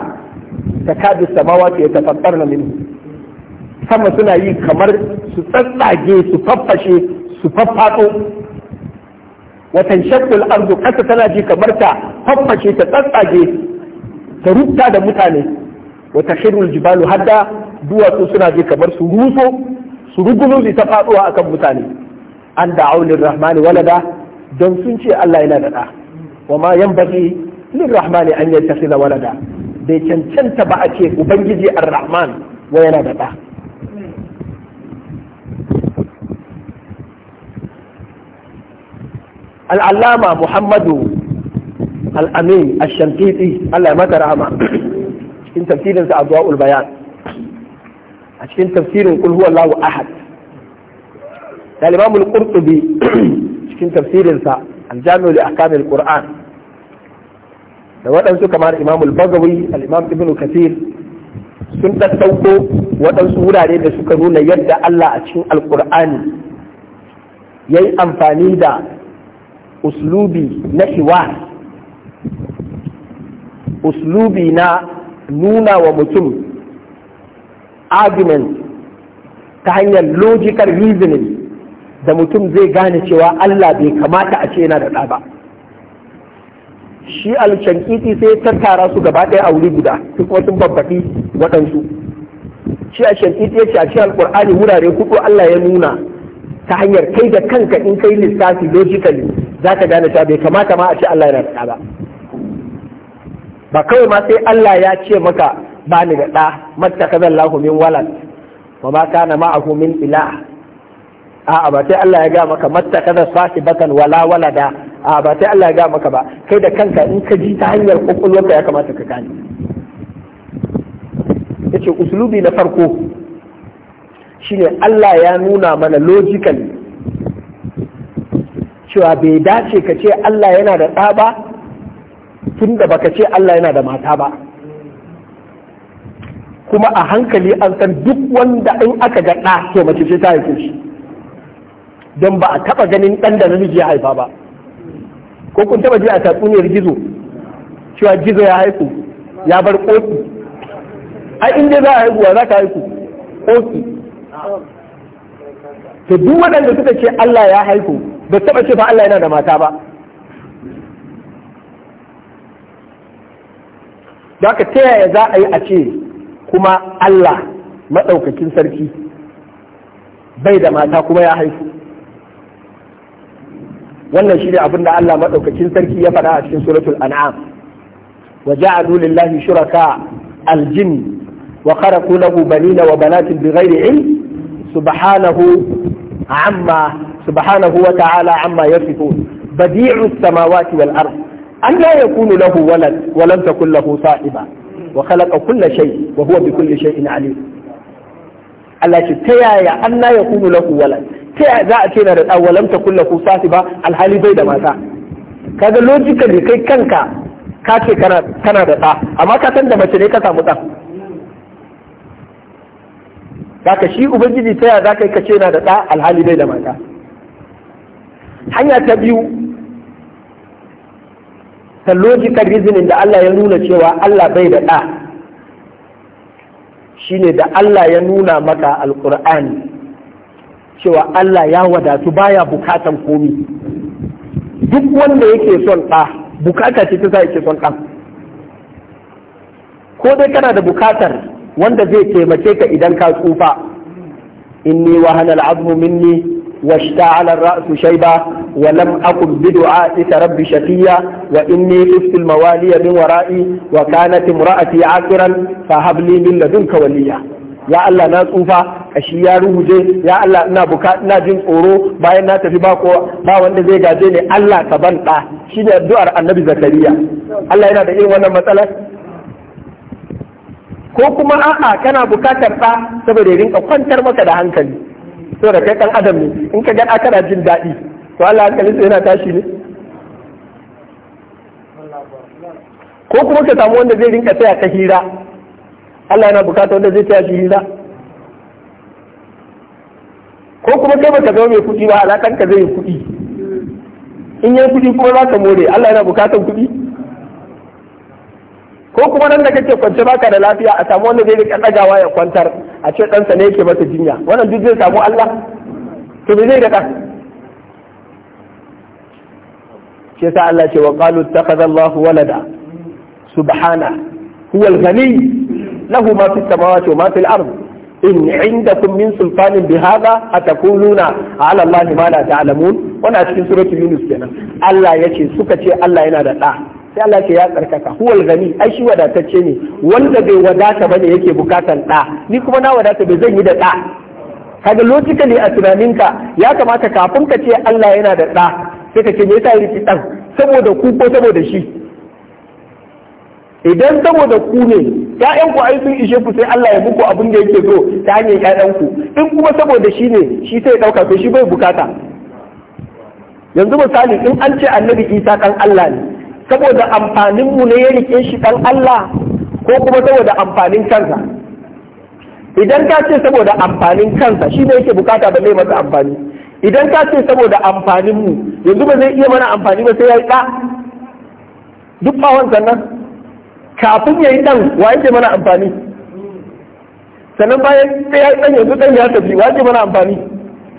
تكاد السماوات يتفطرن منه sama suna yi kamar su su faffaɗo watan shakkul arzu kasa tana ji kamar ta fafface ta tsatsage ta rutta da mutane wata shirul jibalu hadda duwatsu suna ji kamar su ruso su rugumu su ta faɗuwa akan mutane an da aunin rahmani walada don sun ce Allah yana da ɗa wa ma yan baki lin rahmani an yanta walada bai cancanta ba a ce ubangiji ar-rahman wa yana da ɗa al'allama muhammadu al'amin ashamfiti allah ya mata rahama cikin tafsirinsa a zuwa bayan a cikin tafsirin kulhuwallahu ahad da limamul qurtubi cikin tafsirinsa aljami'u li ahkamil qur'an da waɗansu kamar imamul bagawi al-imam ibn kathir sun ɗaɗɗauko waɗansu wurare da suka nuna yadda Allah a cikin alkur'ani ya yi amfani da uslubi na uslubi na nuna wa mutum argument ta hanyar logical reasoning da mutum zai gane cewa Allah bai kamata a ce yana da ba shi alcankiti sai tattara su gaba ɗaya a wuri guda duk wasu babbaɗi waɗansu shi alcankiti ya ce a cikin alƙur'ani wurare hudu Allah ya nuna ta hanyar kai da kanka in kai lissafi logically za ka gane cewa bai kamata ma a ce Allah yana da ɗa ba ba kawai ma sai Allah ya ce maka ba ni da ɗa mata ka zan lahu min walad ba ma na ma'ahu min ila a'a ba sai Allah ya ga maka mata ka zan sashi bakan wala walada a'a ba sai Allah ya ga maka ba kai da kanka in ka ji ta hanyar kokolwarka ya kamata ka gane yace uslubi na farko shine Allah ya nuna mana logically cewa bai dace ka ce Allah yana da ɗa ba tun da baka ce Allah yana da mata ba kuma a hankali an san duk wanda in aka ga ɗa to mace ce ta haife shi don ba a taɓa ganin ɗan da namiji ya haifa ba ko kun taɓa ji a tatsuniyar gizo cewa gizo ya haifu ya bar ƙoƙi ai in dai za a haihuwa za ka haiku ƙoƙi to duk waɗanda suka ce Allah ya haihu. ba taɓa ce fa Allah yana da mata ba da ka ta yaya za a yi a ce kuma Allah maɗaukakin sarki bai da mata kuma ya haifu wannan shi ne abin da Allah maɗaukakin sarki ya faɗa a cikin suratul an'am wa ja'alu lillahi shuraka aljin wa kharaqu lahu banina wa banatin bighairi ilm subhanahu amma subhanahu wa ta'ala amma yasifun badi'u samawati wal ard an la yakunu lahu walad wa lam takul lahu sahiba wa khalaqa kulla shay wa huwa bi kulli shay'in alim Allah ce ta yaya an la yakunu lahu walad ta yaya za a ce na da alhali bai da mata kai kanka ka ce kana da ɗa amma ka san da mace ne ka samu ɗan Zaka shi Ubangiji ta ya za ka yi ka ce na da ɗa alhali bai da mata. hanya ta biyu ta logical reasoning da Allah ya nuna cewa Allah bai da ɗa shi ne da Allah ya nuna maka alƙur'ani cewa Allah ya wadatu baya bukatan komi duk wanda yake son ɗa bukata ce ta zai yake son ɗan ko dai kana da bukatar wanda zai taimake ka idan ka tsufa inni wa hanal azmu minni واشتعل الرأس شيبة ولم أقم بدعاء رب شقيا وإني خفت الموالي من ورائي وكانت امرأتي عاكرا فهب لي من لدنك وليا ya Allah na tsufa shi ya ruhuje ya Allah ina buka ina jin tsoro bayan na tafi ba ba wanda zai gaje ni Allah ka ban da addu'ar Annabi Zakariya Allah yana da irin wannan matsalar ko kuma a'a kana bukatar ɗa saboda ya rinka kwantar maka da hankali so da kai kan adam ne in ka ga kana jin daɗi to Allah hankalinsa yana tashi ne ko kuma ka samu wanda zai rinka taya ka hira Allah yana bukata wanda zai taya shi hira ko kuma kai baka zama mai kuɗi ba alakanka zai yi kuɗi in yi kuɗi kuma za ka more Allah yana bukatan kuɗi ko kuma nan da kake kwance baka da lafiya a samu wanda zai rika dagawa ya kwantar a ce ɗansa ne yake masa jinya wannan duk zai samu Allah to me zai da shi yasa Allah ce wa qalu ittakhadha Allahu walada subhana huwa al-ghani lahu ma fi samawati wa ma fi al-ard in 'indakum min sultanin bihadha ataquluna 'ala Allahi ma la ta'lamun wannan a cikin suratul Yunus kenan Allah yace suka ce Allah yana da da sai Allah ce ya tsarkaka huwal gani ai shi wadatacce ne wanda bai wadata bane yake bukatan da ni kuma na wadata bai zan yi da da kaga logically a tunaninka ya kamata kafin ka ce Allah yana da da sai ka ce me yasa yake dan saboda ku ko saboda shi idan saboda ku ne ƴaƴan ku ai sun ishe ku sai Allah ya muku abin da yake so ta hanyar ƴaƴan ku in kuma saboda shi ne shi sai dauka to shi bai bukata yanzu misali in an ce annabi Isa kan Allah ne saboda amfaninmu ne ya rike shi ɗan Allah ko kuma saboda amfanin kansa idan ka ce saboda amfanin kansa shi ne yake bukata ba zai masa amfani idan ka ce saboda amfaninmu yanzu ba zai iya mana amfani ba sai ya yi ɗa duk bawon sannan kafin ya yi ɗan wa yake mana amfani sannan bayan sai ya yi ɗan yanzu ɗan ya tafi wa yake mana amfani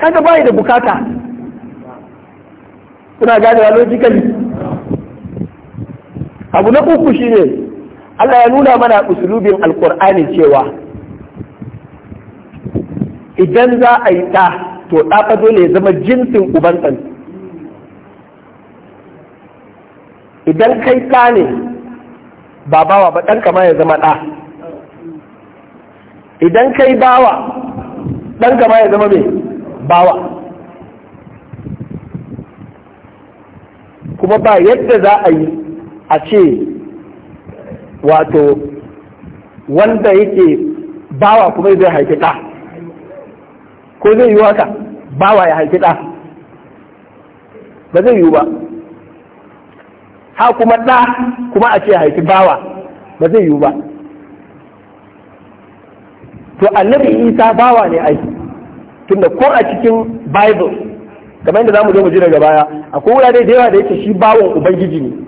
kaga bayi da bukata kuna gane wa logically abu na uku shine Allah ya nuna mana usulubin alkur'ani cewa idan za a yi ɗa to ɗa fa dole ya zama jinsin uban ɗan idan kai ɗa ne ba bawa ba ɗan kama ya zama ɗa idan kai bawa ɗan kama ya zama mai bawa kuma ba yadda za a yi a ce wato wanda yake bawa kuma zai haifi ɗa ko zai yi waka bawa ya haifi ɗa ba zai yiwu ba ha kuma ɗa kuma a ce haifi bawa ba zai yiwu ba to annabi isa bawa ne ai tunda ko a cikin bible kamar yadda zamu zo mu ji daga baya akwai wurare da yawa da yake shi bawon ubangiji ne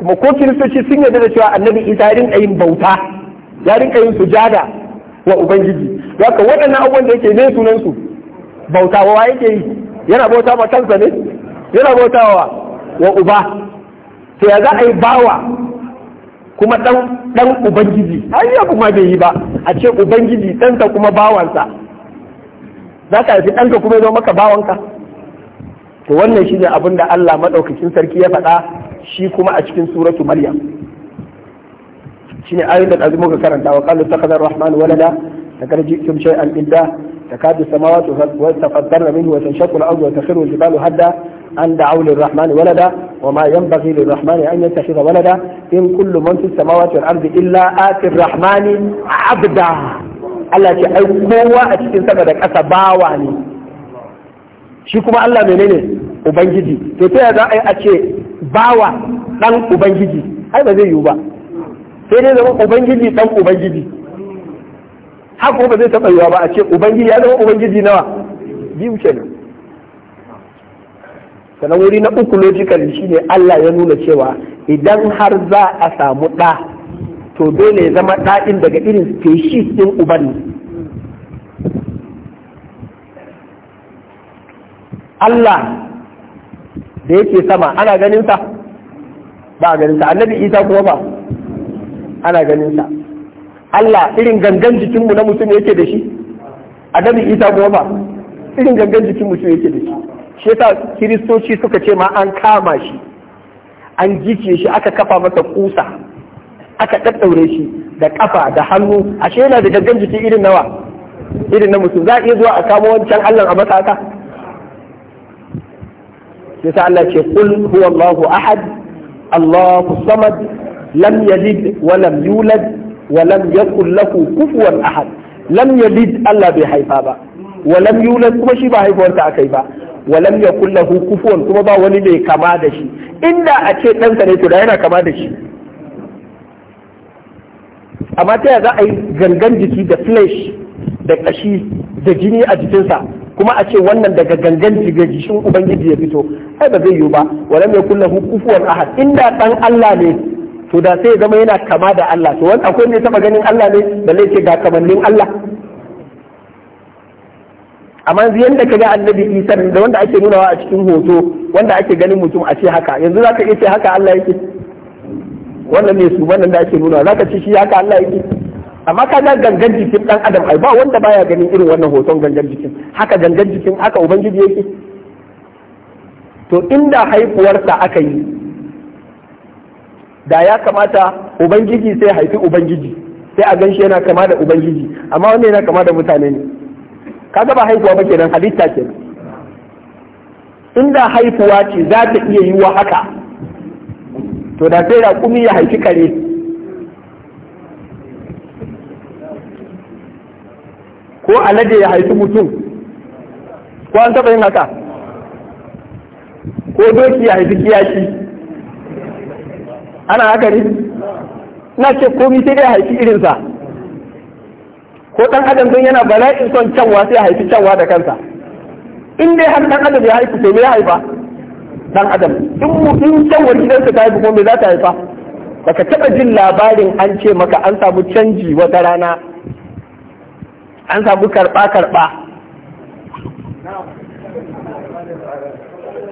kuma ko kiristoci sun yarda da cewa annabi isa ya rinka yin bauta ya rinka yin sujada wa ubangiji ka waɗannan abubuwan da yake ne sunan su bauta wa yake yi yana bauta ma kansa ne yana bauta wa uba to ya za a yi bawa kuma dan dan ubangiji ai ya kuma bai yi ba a ce ubangiji ɗansa kuma bawansa za ka yi ɗanka kuma zo maka bawanka to wannan shine abin da Allah maɗaukakin sarki ya faɗa shi kuma a cikin suratu maryam shine ayoyin da azumu ka karanta wa qala takhadha rahman walada takad ji'tum shay'an idda takad as-samawati tafattarna minhu wa tanshaqu al-ardu wa takhiru al-jibalu hadda an da'u lir-rahman walada وما an yattakhidha walada in kullu man fis samawati wal ardi illa ati ar rahman abda Allah ce ai kowa a cikin sama da ƙasa bawa ne shi kuma Allah menene ubangiji to ta za a yi a ce bawa dan ubangiji ai ba zai yiwu ba sai dai zama ubangiji dan ubangiji haka ba zai taɓa yiwa ba a ce ubangiji ya zama ubangiji nawa biyu kenan sannan wuri na uku logically shine Allah ya nuna cewa idan har za a samu ɗa to dole ya zama ɗa'in daga irin species ɗin uban Allah da yake sama ana ganin sa ba a ganin sa annabi isa kuma ba ana ganin sa Allah irin gangan jikin mu na mutum yake da shi annabi isa kuma ba irin gangan jikin mutum yake da shi shi yasa kiristoci suka ce ma an kama shi an gice shi aka kafa masa kusa aka daddaure shi da kafa da hannu ashe yana da gangan jiki irin nawa irin na mutum za a iya zuwa a kamo wancan Allah a masa haka sa Allah ce kul huwa ahad Allahu samad lam yalid wa lam yulad wa lam yakul lahu kufuwan ahad lam yalid Allah bai haifa ba wa lam yulad kuma shi ba ta akai ba wa lam yakul lahu kufuwan kuma ba wani mai kama da shi inda a ce ɗansa ne to da yana kama da shi amma ta za a yi gangan jiki da flesh da ƙashi da jini a jikinsa kuma a ce wannan daga gangan jigashin ubangiji ya fito ai ba zai yiwu ba walam yakul lahu kufuwan ahad inda dan Allah ne to da sai zama yana kama da Allah to wani akwai ne taba ganin Allah ne balle ce ga kamannin Allah amma yanzu yanda kaga annabi Isa da wanda ake nunawa a cikin hoto wanda ake ganin mutum a ce haka yanzu zaka iya ce haka Allah yake wannan ne su wannan da ake nunawa zaka ce shi haka Allah yake amma ka ga gangan jikin dan adam ai ba wanda baya ganin irin wannan hoton gangan jikin haka gangan jikin haka ubangiji yake to inda haifuwarsa aka yi da ya kamata ubangiji sai haifi ubangiji sai a ganshi yana kama da ubangiji amma wanda yana kama da mutane ne kaga ba haifuwa ba kenan halitta ce inda haifuwa ce za ta iya yi wa haka to da sai raƙumi ya haifi kare ko alade ya haifi mutum ko an taɓa yin haka ko doki ya haifi kiyaki ana haka ne na ce komi sai dai haifi irinsa ko ɗan adam don yana bala'in son canwa sai ya haifi canwa da kansa in dai har ɗan adam ya haifi to me ya haifa ɗan adam in mutum canwa gidansa ta haifi ko me za ta haifa baka taɓa jin labarin an ce maka an samu canji wata rana an samu karɓa-karɓa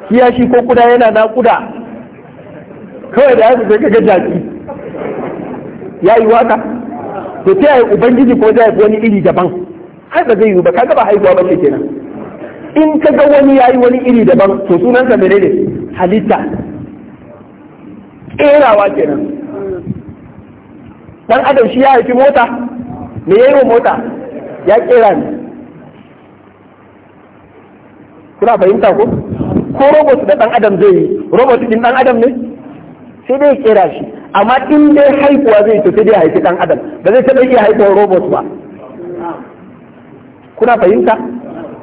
Kiya shi ko kuda yana na kuda. kawai da haifu sai kaga jaki ya yi waka to ta yi ubangiji ko ta yi wani iri daban har da zai yi ba kaga ba haihuwa ba ce kenan in ka ga wani ya yi wani iri daban to sunansa mene ne halitta ƙerawa kenan dan adam shi ya haifi mota me ya yi wa mota ya kera ni kuna fahimta ko ko robot da dan adam zai yi robot din dan adam ne sai dai kera shi amma in dai haihuwa zai to sai dai haifi dan adam ba zai taɓa iya haihuwar robot ba kuna fahimta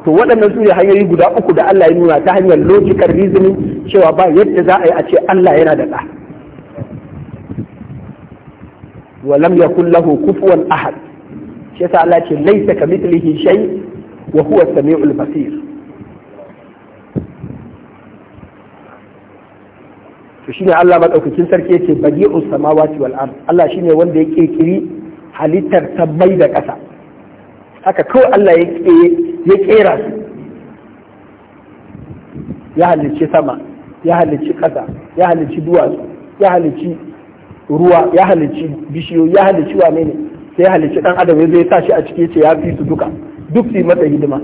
to waɗannan su ne hanyoyi guda uku da Allah ya nuna ta hanyar logical reasoning cewa ba yadda za a yi a ce Allah yana da ɗa walam yakun lahu kufuwan ahad shi yasa Allah ce laisa ka mithlihi shay wa huwa samiul basir to shine Allah madaukakin sarki yace badi'us samawati wal ard Allah shine wanda ya kirkiri halittar tabbai da ƙasa haka kawai Allah ya kera su ya halicci sama ya halicci ƙasa ya halicci duwatsu ya halicci ruwa ya halicci bishiyo ya halicci wa ne sai halicci dan adam ya zai sa shi a ciki ce ya fi su duka duk su masa hidima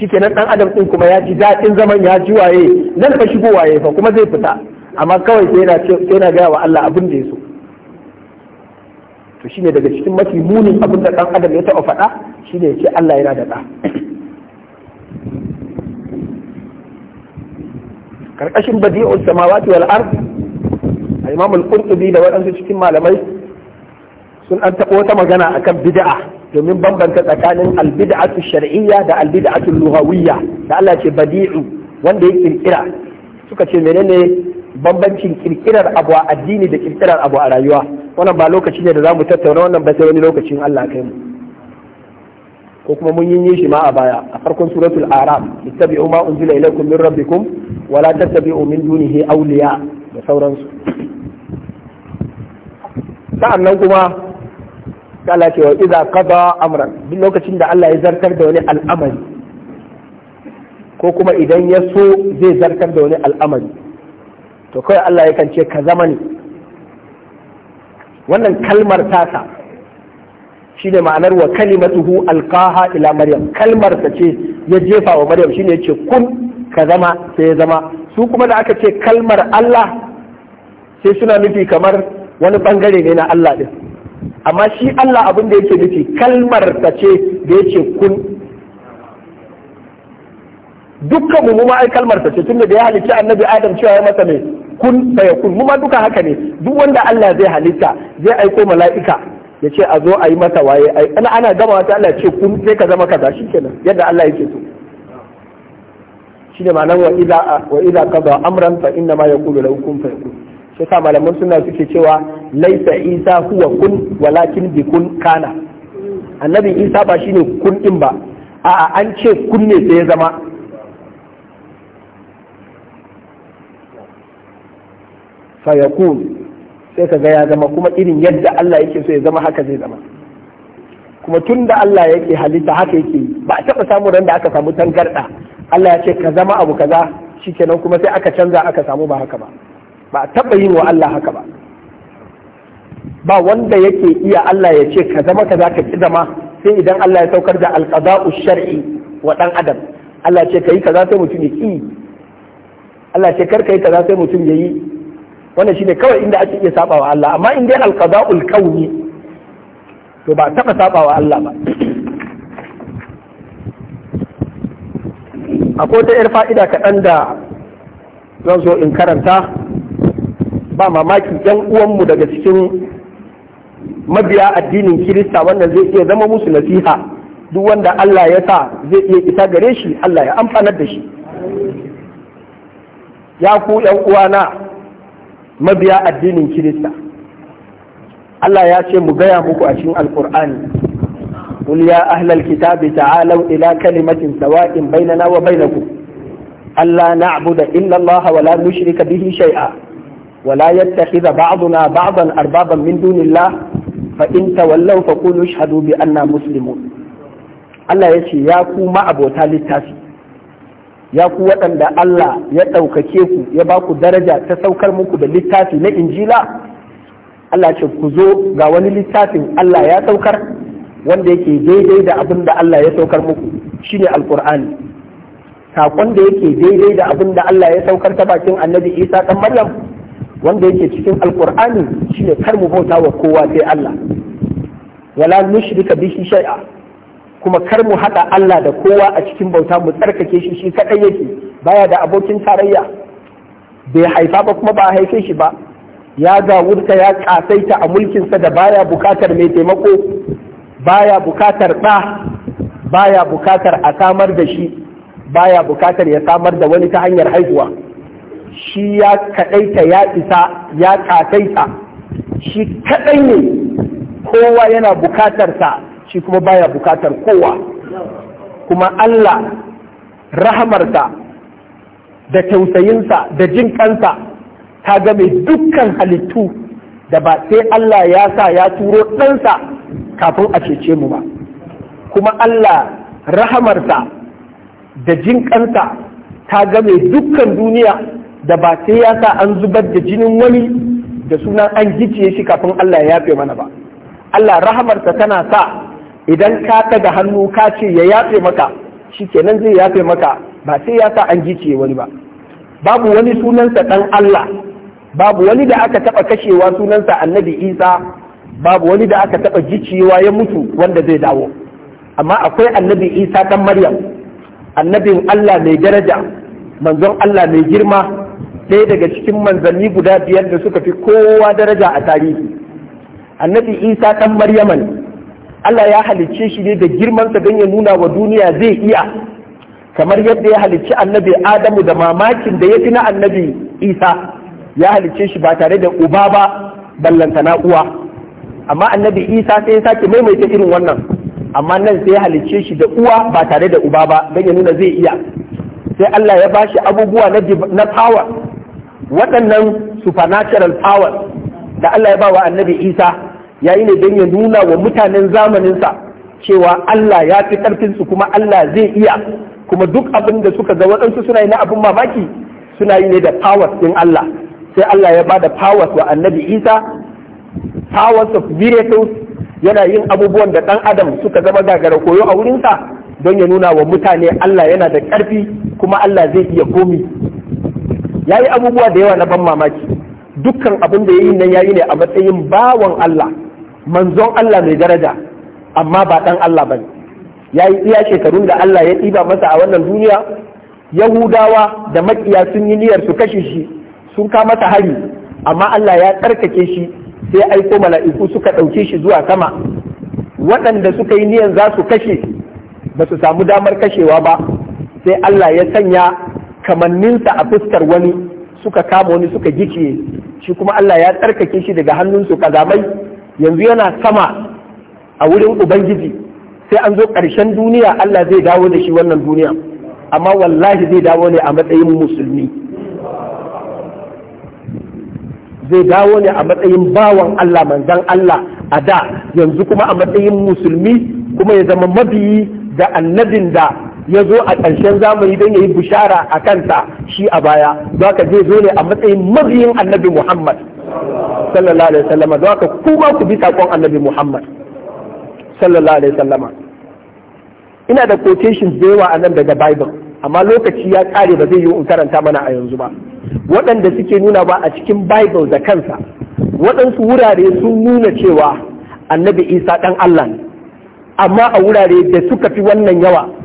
shikenan dan adam din kuma ya ji daɗin zaman ya ji waye nan ka shigo waye fa kuma zai fita amma kawai sai yana sai yana gaya wa Allah abin da ya so to shine daga cikin mafi munin abin da dan adam ya taɓa faɗa shine ya ce Allah yana da ɗa karkashin badi'ul samawati wal ard al-imam al da waɗansu cikin malamai sun an taɓa wata magana akan bida'a domin bambanta tsakanin albid'atu shar'iyya da albid'atu luhawiyya da Allah ce badi'u wanda ya kirkira suka ce menene bambancin kirkirar abu a addini da kirkirar abu a rayuwa wannan ba lokaci ne da zamu tattauna wannan ba sai wani lokacin Allah kai mu ko kuma mun yi shi ma a baya a farkon suratul araf ittabi'u ma unzila ilaykum min rabbikum wa la tattabi'u min dunihi awliya da sauransu sa'annan kuma Allah ce wa iza qada amran duk lokacin da Allah ya zartar da wani al'amari ko kuma idan ya so zai zartar da wani al'amari to kawai Allah yakan ce ka zama ne wannan kalmar tasa shi ne ma'anar wa kalimatuhu alqaha ila maryam kalmar ta ce ya jefa wa maryam shine ya ce kun ka zama sai ya zama su kuma da aka ce kalmar Allah sai suna nufi kamar wani bangare ne na Allah din amma shi Allah abin da yake nufi kalmar ta ce da yake kun dukkan mu ma ai kalmar ta ce tunda da ya halicci annabi Adam cewa ya masa ne kun fa kun mu ma duka haka ne duk wanda Allah zai halitta zai aiko mala'ika ya ce a zo a yi masa waye ana ana gama ta Allah ce kun sai ka zama kaza shikenan yadda Allah yake so shine ma'anar wa idza wa idza qada amran fa inna ma yaqulu lahu kun fa yakun yasa sa malaman suna suke cewa laisa isa huwa kun walakin bi kana annabi isa ba shine kun din ba a'a an ce kun ne sai ya zama fayakun sai ka ga ya zama kuma irin yadda Allah yake so ya zama haka zai zama kuma tun da Allah yake halitta haka yake ba a taɓa samu randa aka samu tangarɗa Allah ya ce ka zama abu kaza shikenan kuma sai aka canza aka samu ba haka ba ba a taɓa yin wa Allah haka ba ba wanda yake iya Allah ya ce ka zama ka za ka ki zama sai idan Allah ya saukar da alqada'u shar'i wa dan adam Allah ce kai kaza sai mutum ya ki Allah ce kar kai kaza sai mutum ya yi wannan shine kawai inda ake iya wa Allah amma in dai alqada'ul kauni to ba taɓa wa Allah ba akwai ta yar fa'ida kaɗan da zan so in karanta ba mamaki yan uwanmu daga cikin mabiya addinin kirista wanda zai iya zama musu nasiha duk wanda Allah ya sa zai iya isa gare shi Allah ya amfanar da shi ya ku yan uwana mabiya addinin kirista Allah ya ce mu gaya muku a cikin alkur'ani قل يا أهل الكتاب تعالوا إلى كلمة سواء بيننا وبينكم ألا نعبد إلا الله ولا نشرك به شيئا ولا يتخذ بعضنا بعضا أربابا من دون الله فإن تولوا فقولوا اشهدوا بأننا مسلمون Allah ya ce ya ku ma'abota littafi ya ku waɗanda Allah ya ɗaukake ku ya ba ku daraja ta saukar muku da littafi na injila Allah ce ku zo ga wani littafin Allah ya saukar wanda yake daidai da abin da Allah ya saukar muku shine alkur'ani saƙon da yake daidai da abin da Allah ya saukar ta bakin annabi Isa ɗan Maryam wanda yake cikin alkur'ani shi ne kar mu bauta wa kowa sai Allah wala nushrika bihi shay'a kuma kar mu hada Allah da kowa a cikin bauta mu tsarkake shi shi kadai yake baya da abokin tarayya bai haifa ba kuma ba a haife shi ba ya ga wurka ya kasaita a mulkin sa da baya bukatar mai taimako baya bukatar ɗa baya bukatar a samar da shi baya bukatar ya samar da wani ta hanyar haihuwa shi ya kaɗaita ya isa ya ƙataita shi kaɗai ne kowa yana bukatarsa shi kuma baya bukatar kowa kuma Allah rahamarsa da tausayinsa da jin kansa ta game dukkan halittu da ba sai Allah ya sa ya turo ɗansa kafin a cece mu ba kuma Allah rahamarsa da jin kansa ta game dukkan duniya da ba sai ya sa an zubar da jinin wani da sunan an gicciye shi kafin Allah ya yafe mana ba Allah rahamarsa tana sa idan ka taga hannu ka ce ya yafe maka shi kenan zai yafe maka ba sai ya sa an gicciye wani ba babu wani sunansa dan Allah babu wani da aka taba kashewa sunansa annabi Isa babu wani da aka taba gicciyewa ya mutu wanda zai dawo amma akwai annabi Isa dan Maryam annabin Allah mai daraja manzon Allah mai girma ɗaya daga cikin manzanni guda biyar da suka fi kowa daraja a tarihi annabi isa ɗan maryama ne allah ya halicce shi ne da girmansa don ya nuna wa duniya zai iya kamar yadda ya halicci annabi adamu da mamakin da ya fi na annabi isa ya halicce shi ba tare da uba ba ballanta na uwa amma annabi isa sai ya sake maimaita irin wannan amma nan sai ya halicce shi da uwa ba tare da uba ba don ya nuna zai iya sai allah ya bashi abubuwa na power waɗannan supernatural powers da Allah ya ba wa annabi Isa ya yi ne don ya nuna wa mutanen zamaninsa cewa Allah ya fi ƙarfinsu kuma Allah zai iya kuma duk abin da suka ga waɗansu suna yi na abin mamaki suna yi ne da powers ɗin Allah sai Allah ya ba da powers wa annabi Isa powers of miracles yana yin abubuwan da ɗan adam suka zama gagara koyo a wurinsa don ya nuna wa mutane Allah yana da ƙarfi kuma Allah zai iya komi ya yi abubuwa da yawa na ban mamaki dukkan abin da ya yi nan ya yi ne a matsayin bawan Allah manzon Allah mai daraja amma ba ɗan Allah ba ne ya yi iya shekarun da Allah ya ɗiba masa a wannan duniya yahudawa da maƙiya sun yi niyyar su kashe shi sun kama ta hari amma Allah ya tsarkake shi sai aiko mala'iku suka ɗauke shi zuwa sama waɗanda suka yi niyyar za su kashe ba su samu damar kashewa ba sai Allah ya sanya kamanninsa a fuskar wani suka kama wani suka giciye shi kuma Allah ya tsarkake shi daga hannunsu kazamai yanzu yana sama a wurin ubangiji sai an zo ƙarshen duniya Allah zai dawo da shi wannan duniya amma wallahi zai dawo ne a matsayin musulmi zai dawo ne a matsayin bawan Allah manzan Allah a da yanzu kuma a matsayin musulmi kuma ya zama mabiyi da annabin da ya zo a ƙarshen zamani don ya yi bishara a kanta shi a baya za ka zai zo ne a matsayin mabiyin annabi muhammad sallallahu alaihi wasallama za ka kuma ku bi saƙon annabi muhammad sallallahu alaihi wasallama ina da quotations da yawa a nan daga bible amma lokaci ya ƙare ba zai yi in karanta mana a yanzu ba waɗanda suke nuna ba a cikin bible da kansa waɗansu wurare sun nuna cewa annabi isa ɗan allah ne amma a wurare da suka fi wannan yawa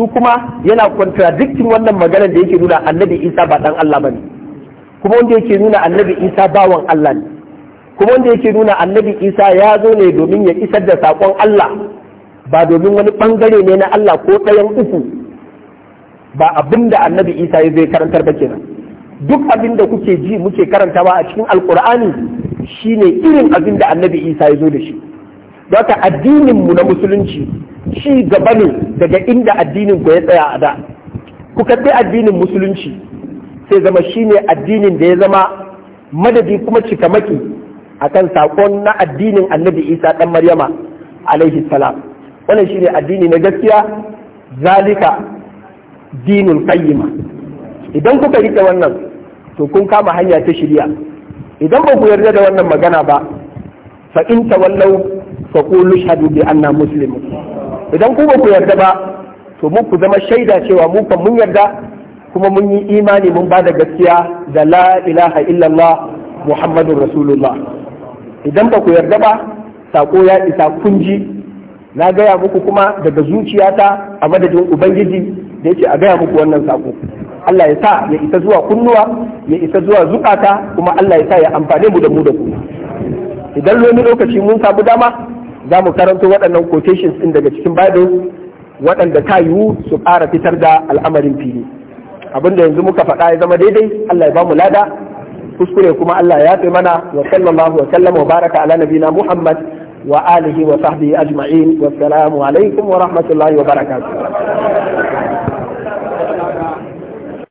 su kuma yana contradicting wannan magana da yake nuna annabi isa ba dan Allah bane kuma wanda yake nuna annabi isa bawan Allah ne kuma wanda yake nuna annabi isa ya zo ne domin ya isar da sakon Allah ba domin wani bangare ne na Allah ko ɗayan uku ba abin da annabi isa ya zai karantar ba kenan duk abin da kuke ji muke karantawa a cikin alkur'ani shine irin abin da annabi isa ya zo da shi Daka addininmu na musulunci shi gaba ne daga inda addinin ku ya tsaya a da. Ku kaɗe addinin musulunci sai zama shi ne addinin da ya zama madadi kuma cika maki a kan saƙon na addinin annabi Isa ɗan Maryama alaihi salam. Wannan shine addini na gaskiya zalika dinin kayyima Idan kuka riƙe wannan to kun kama hanya ta shirya. Idan ba ku yarda da wannan magana ba fa wallau. fa shahadu bi anna muslimun idan ku baku ku yarda ba to mun ku zama shaida cewa mu fa mun yarda kuma mun yi imani mun ba da gaskiya da la ilaha illallah muhammadur rasulullah idan ba ku yarda ba sako ya isa kun na gaya muku kuma daga zuciyata a madadin ubangiji da yake a gaya muku wannan sako Allah ya sa ya isa zuwa kunnuwa ya isa zuwa zukata kuma Allah ya sa ya amfane mu da mu da ku idan wani lokaci mun samu dama za mu karanto waɗannan quotations ɗin daga cikin bible waɗanda ta yiwu su ƙara fitar da al'amarin fili abinda yanzu muka faɗa ya zama daidai Allah ya bamu lada kuskure kuma Allah ya fi mana wa sallallahu wa sallam wa baraka ala nabina Muhammad wa alihi wa sahbihi ajma'in wa salamu alaikum wa rahmatullahi wa barakatuh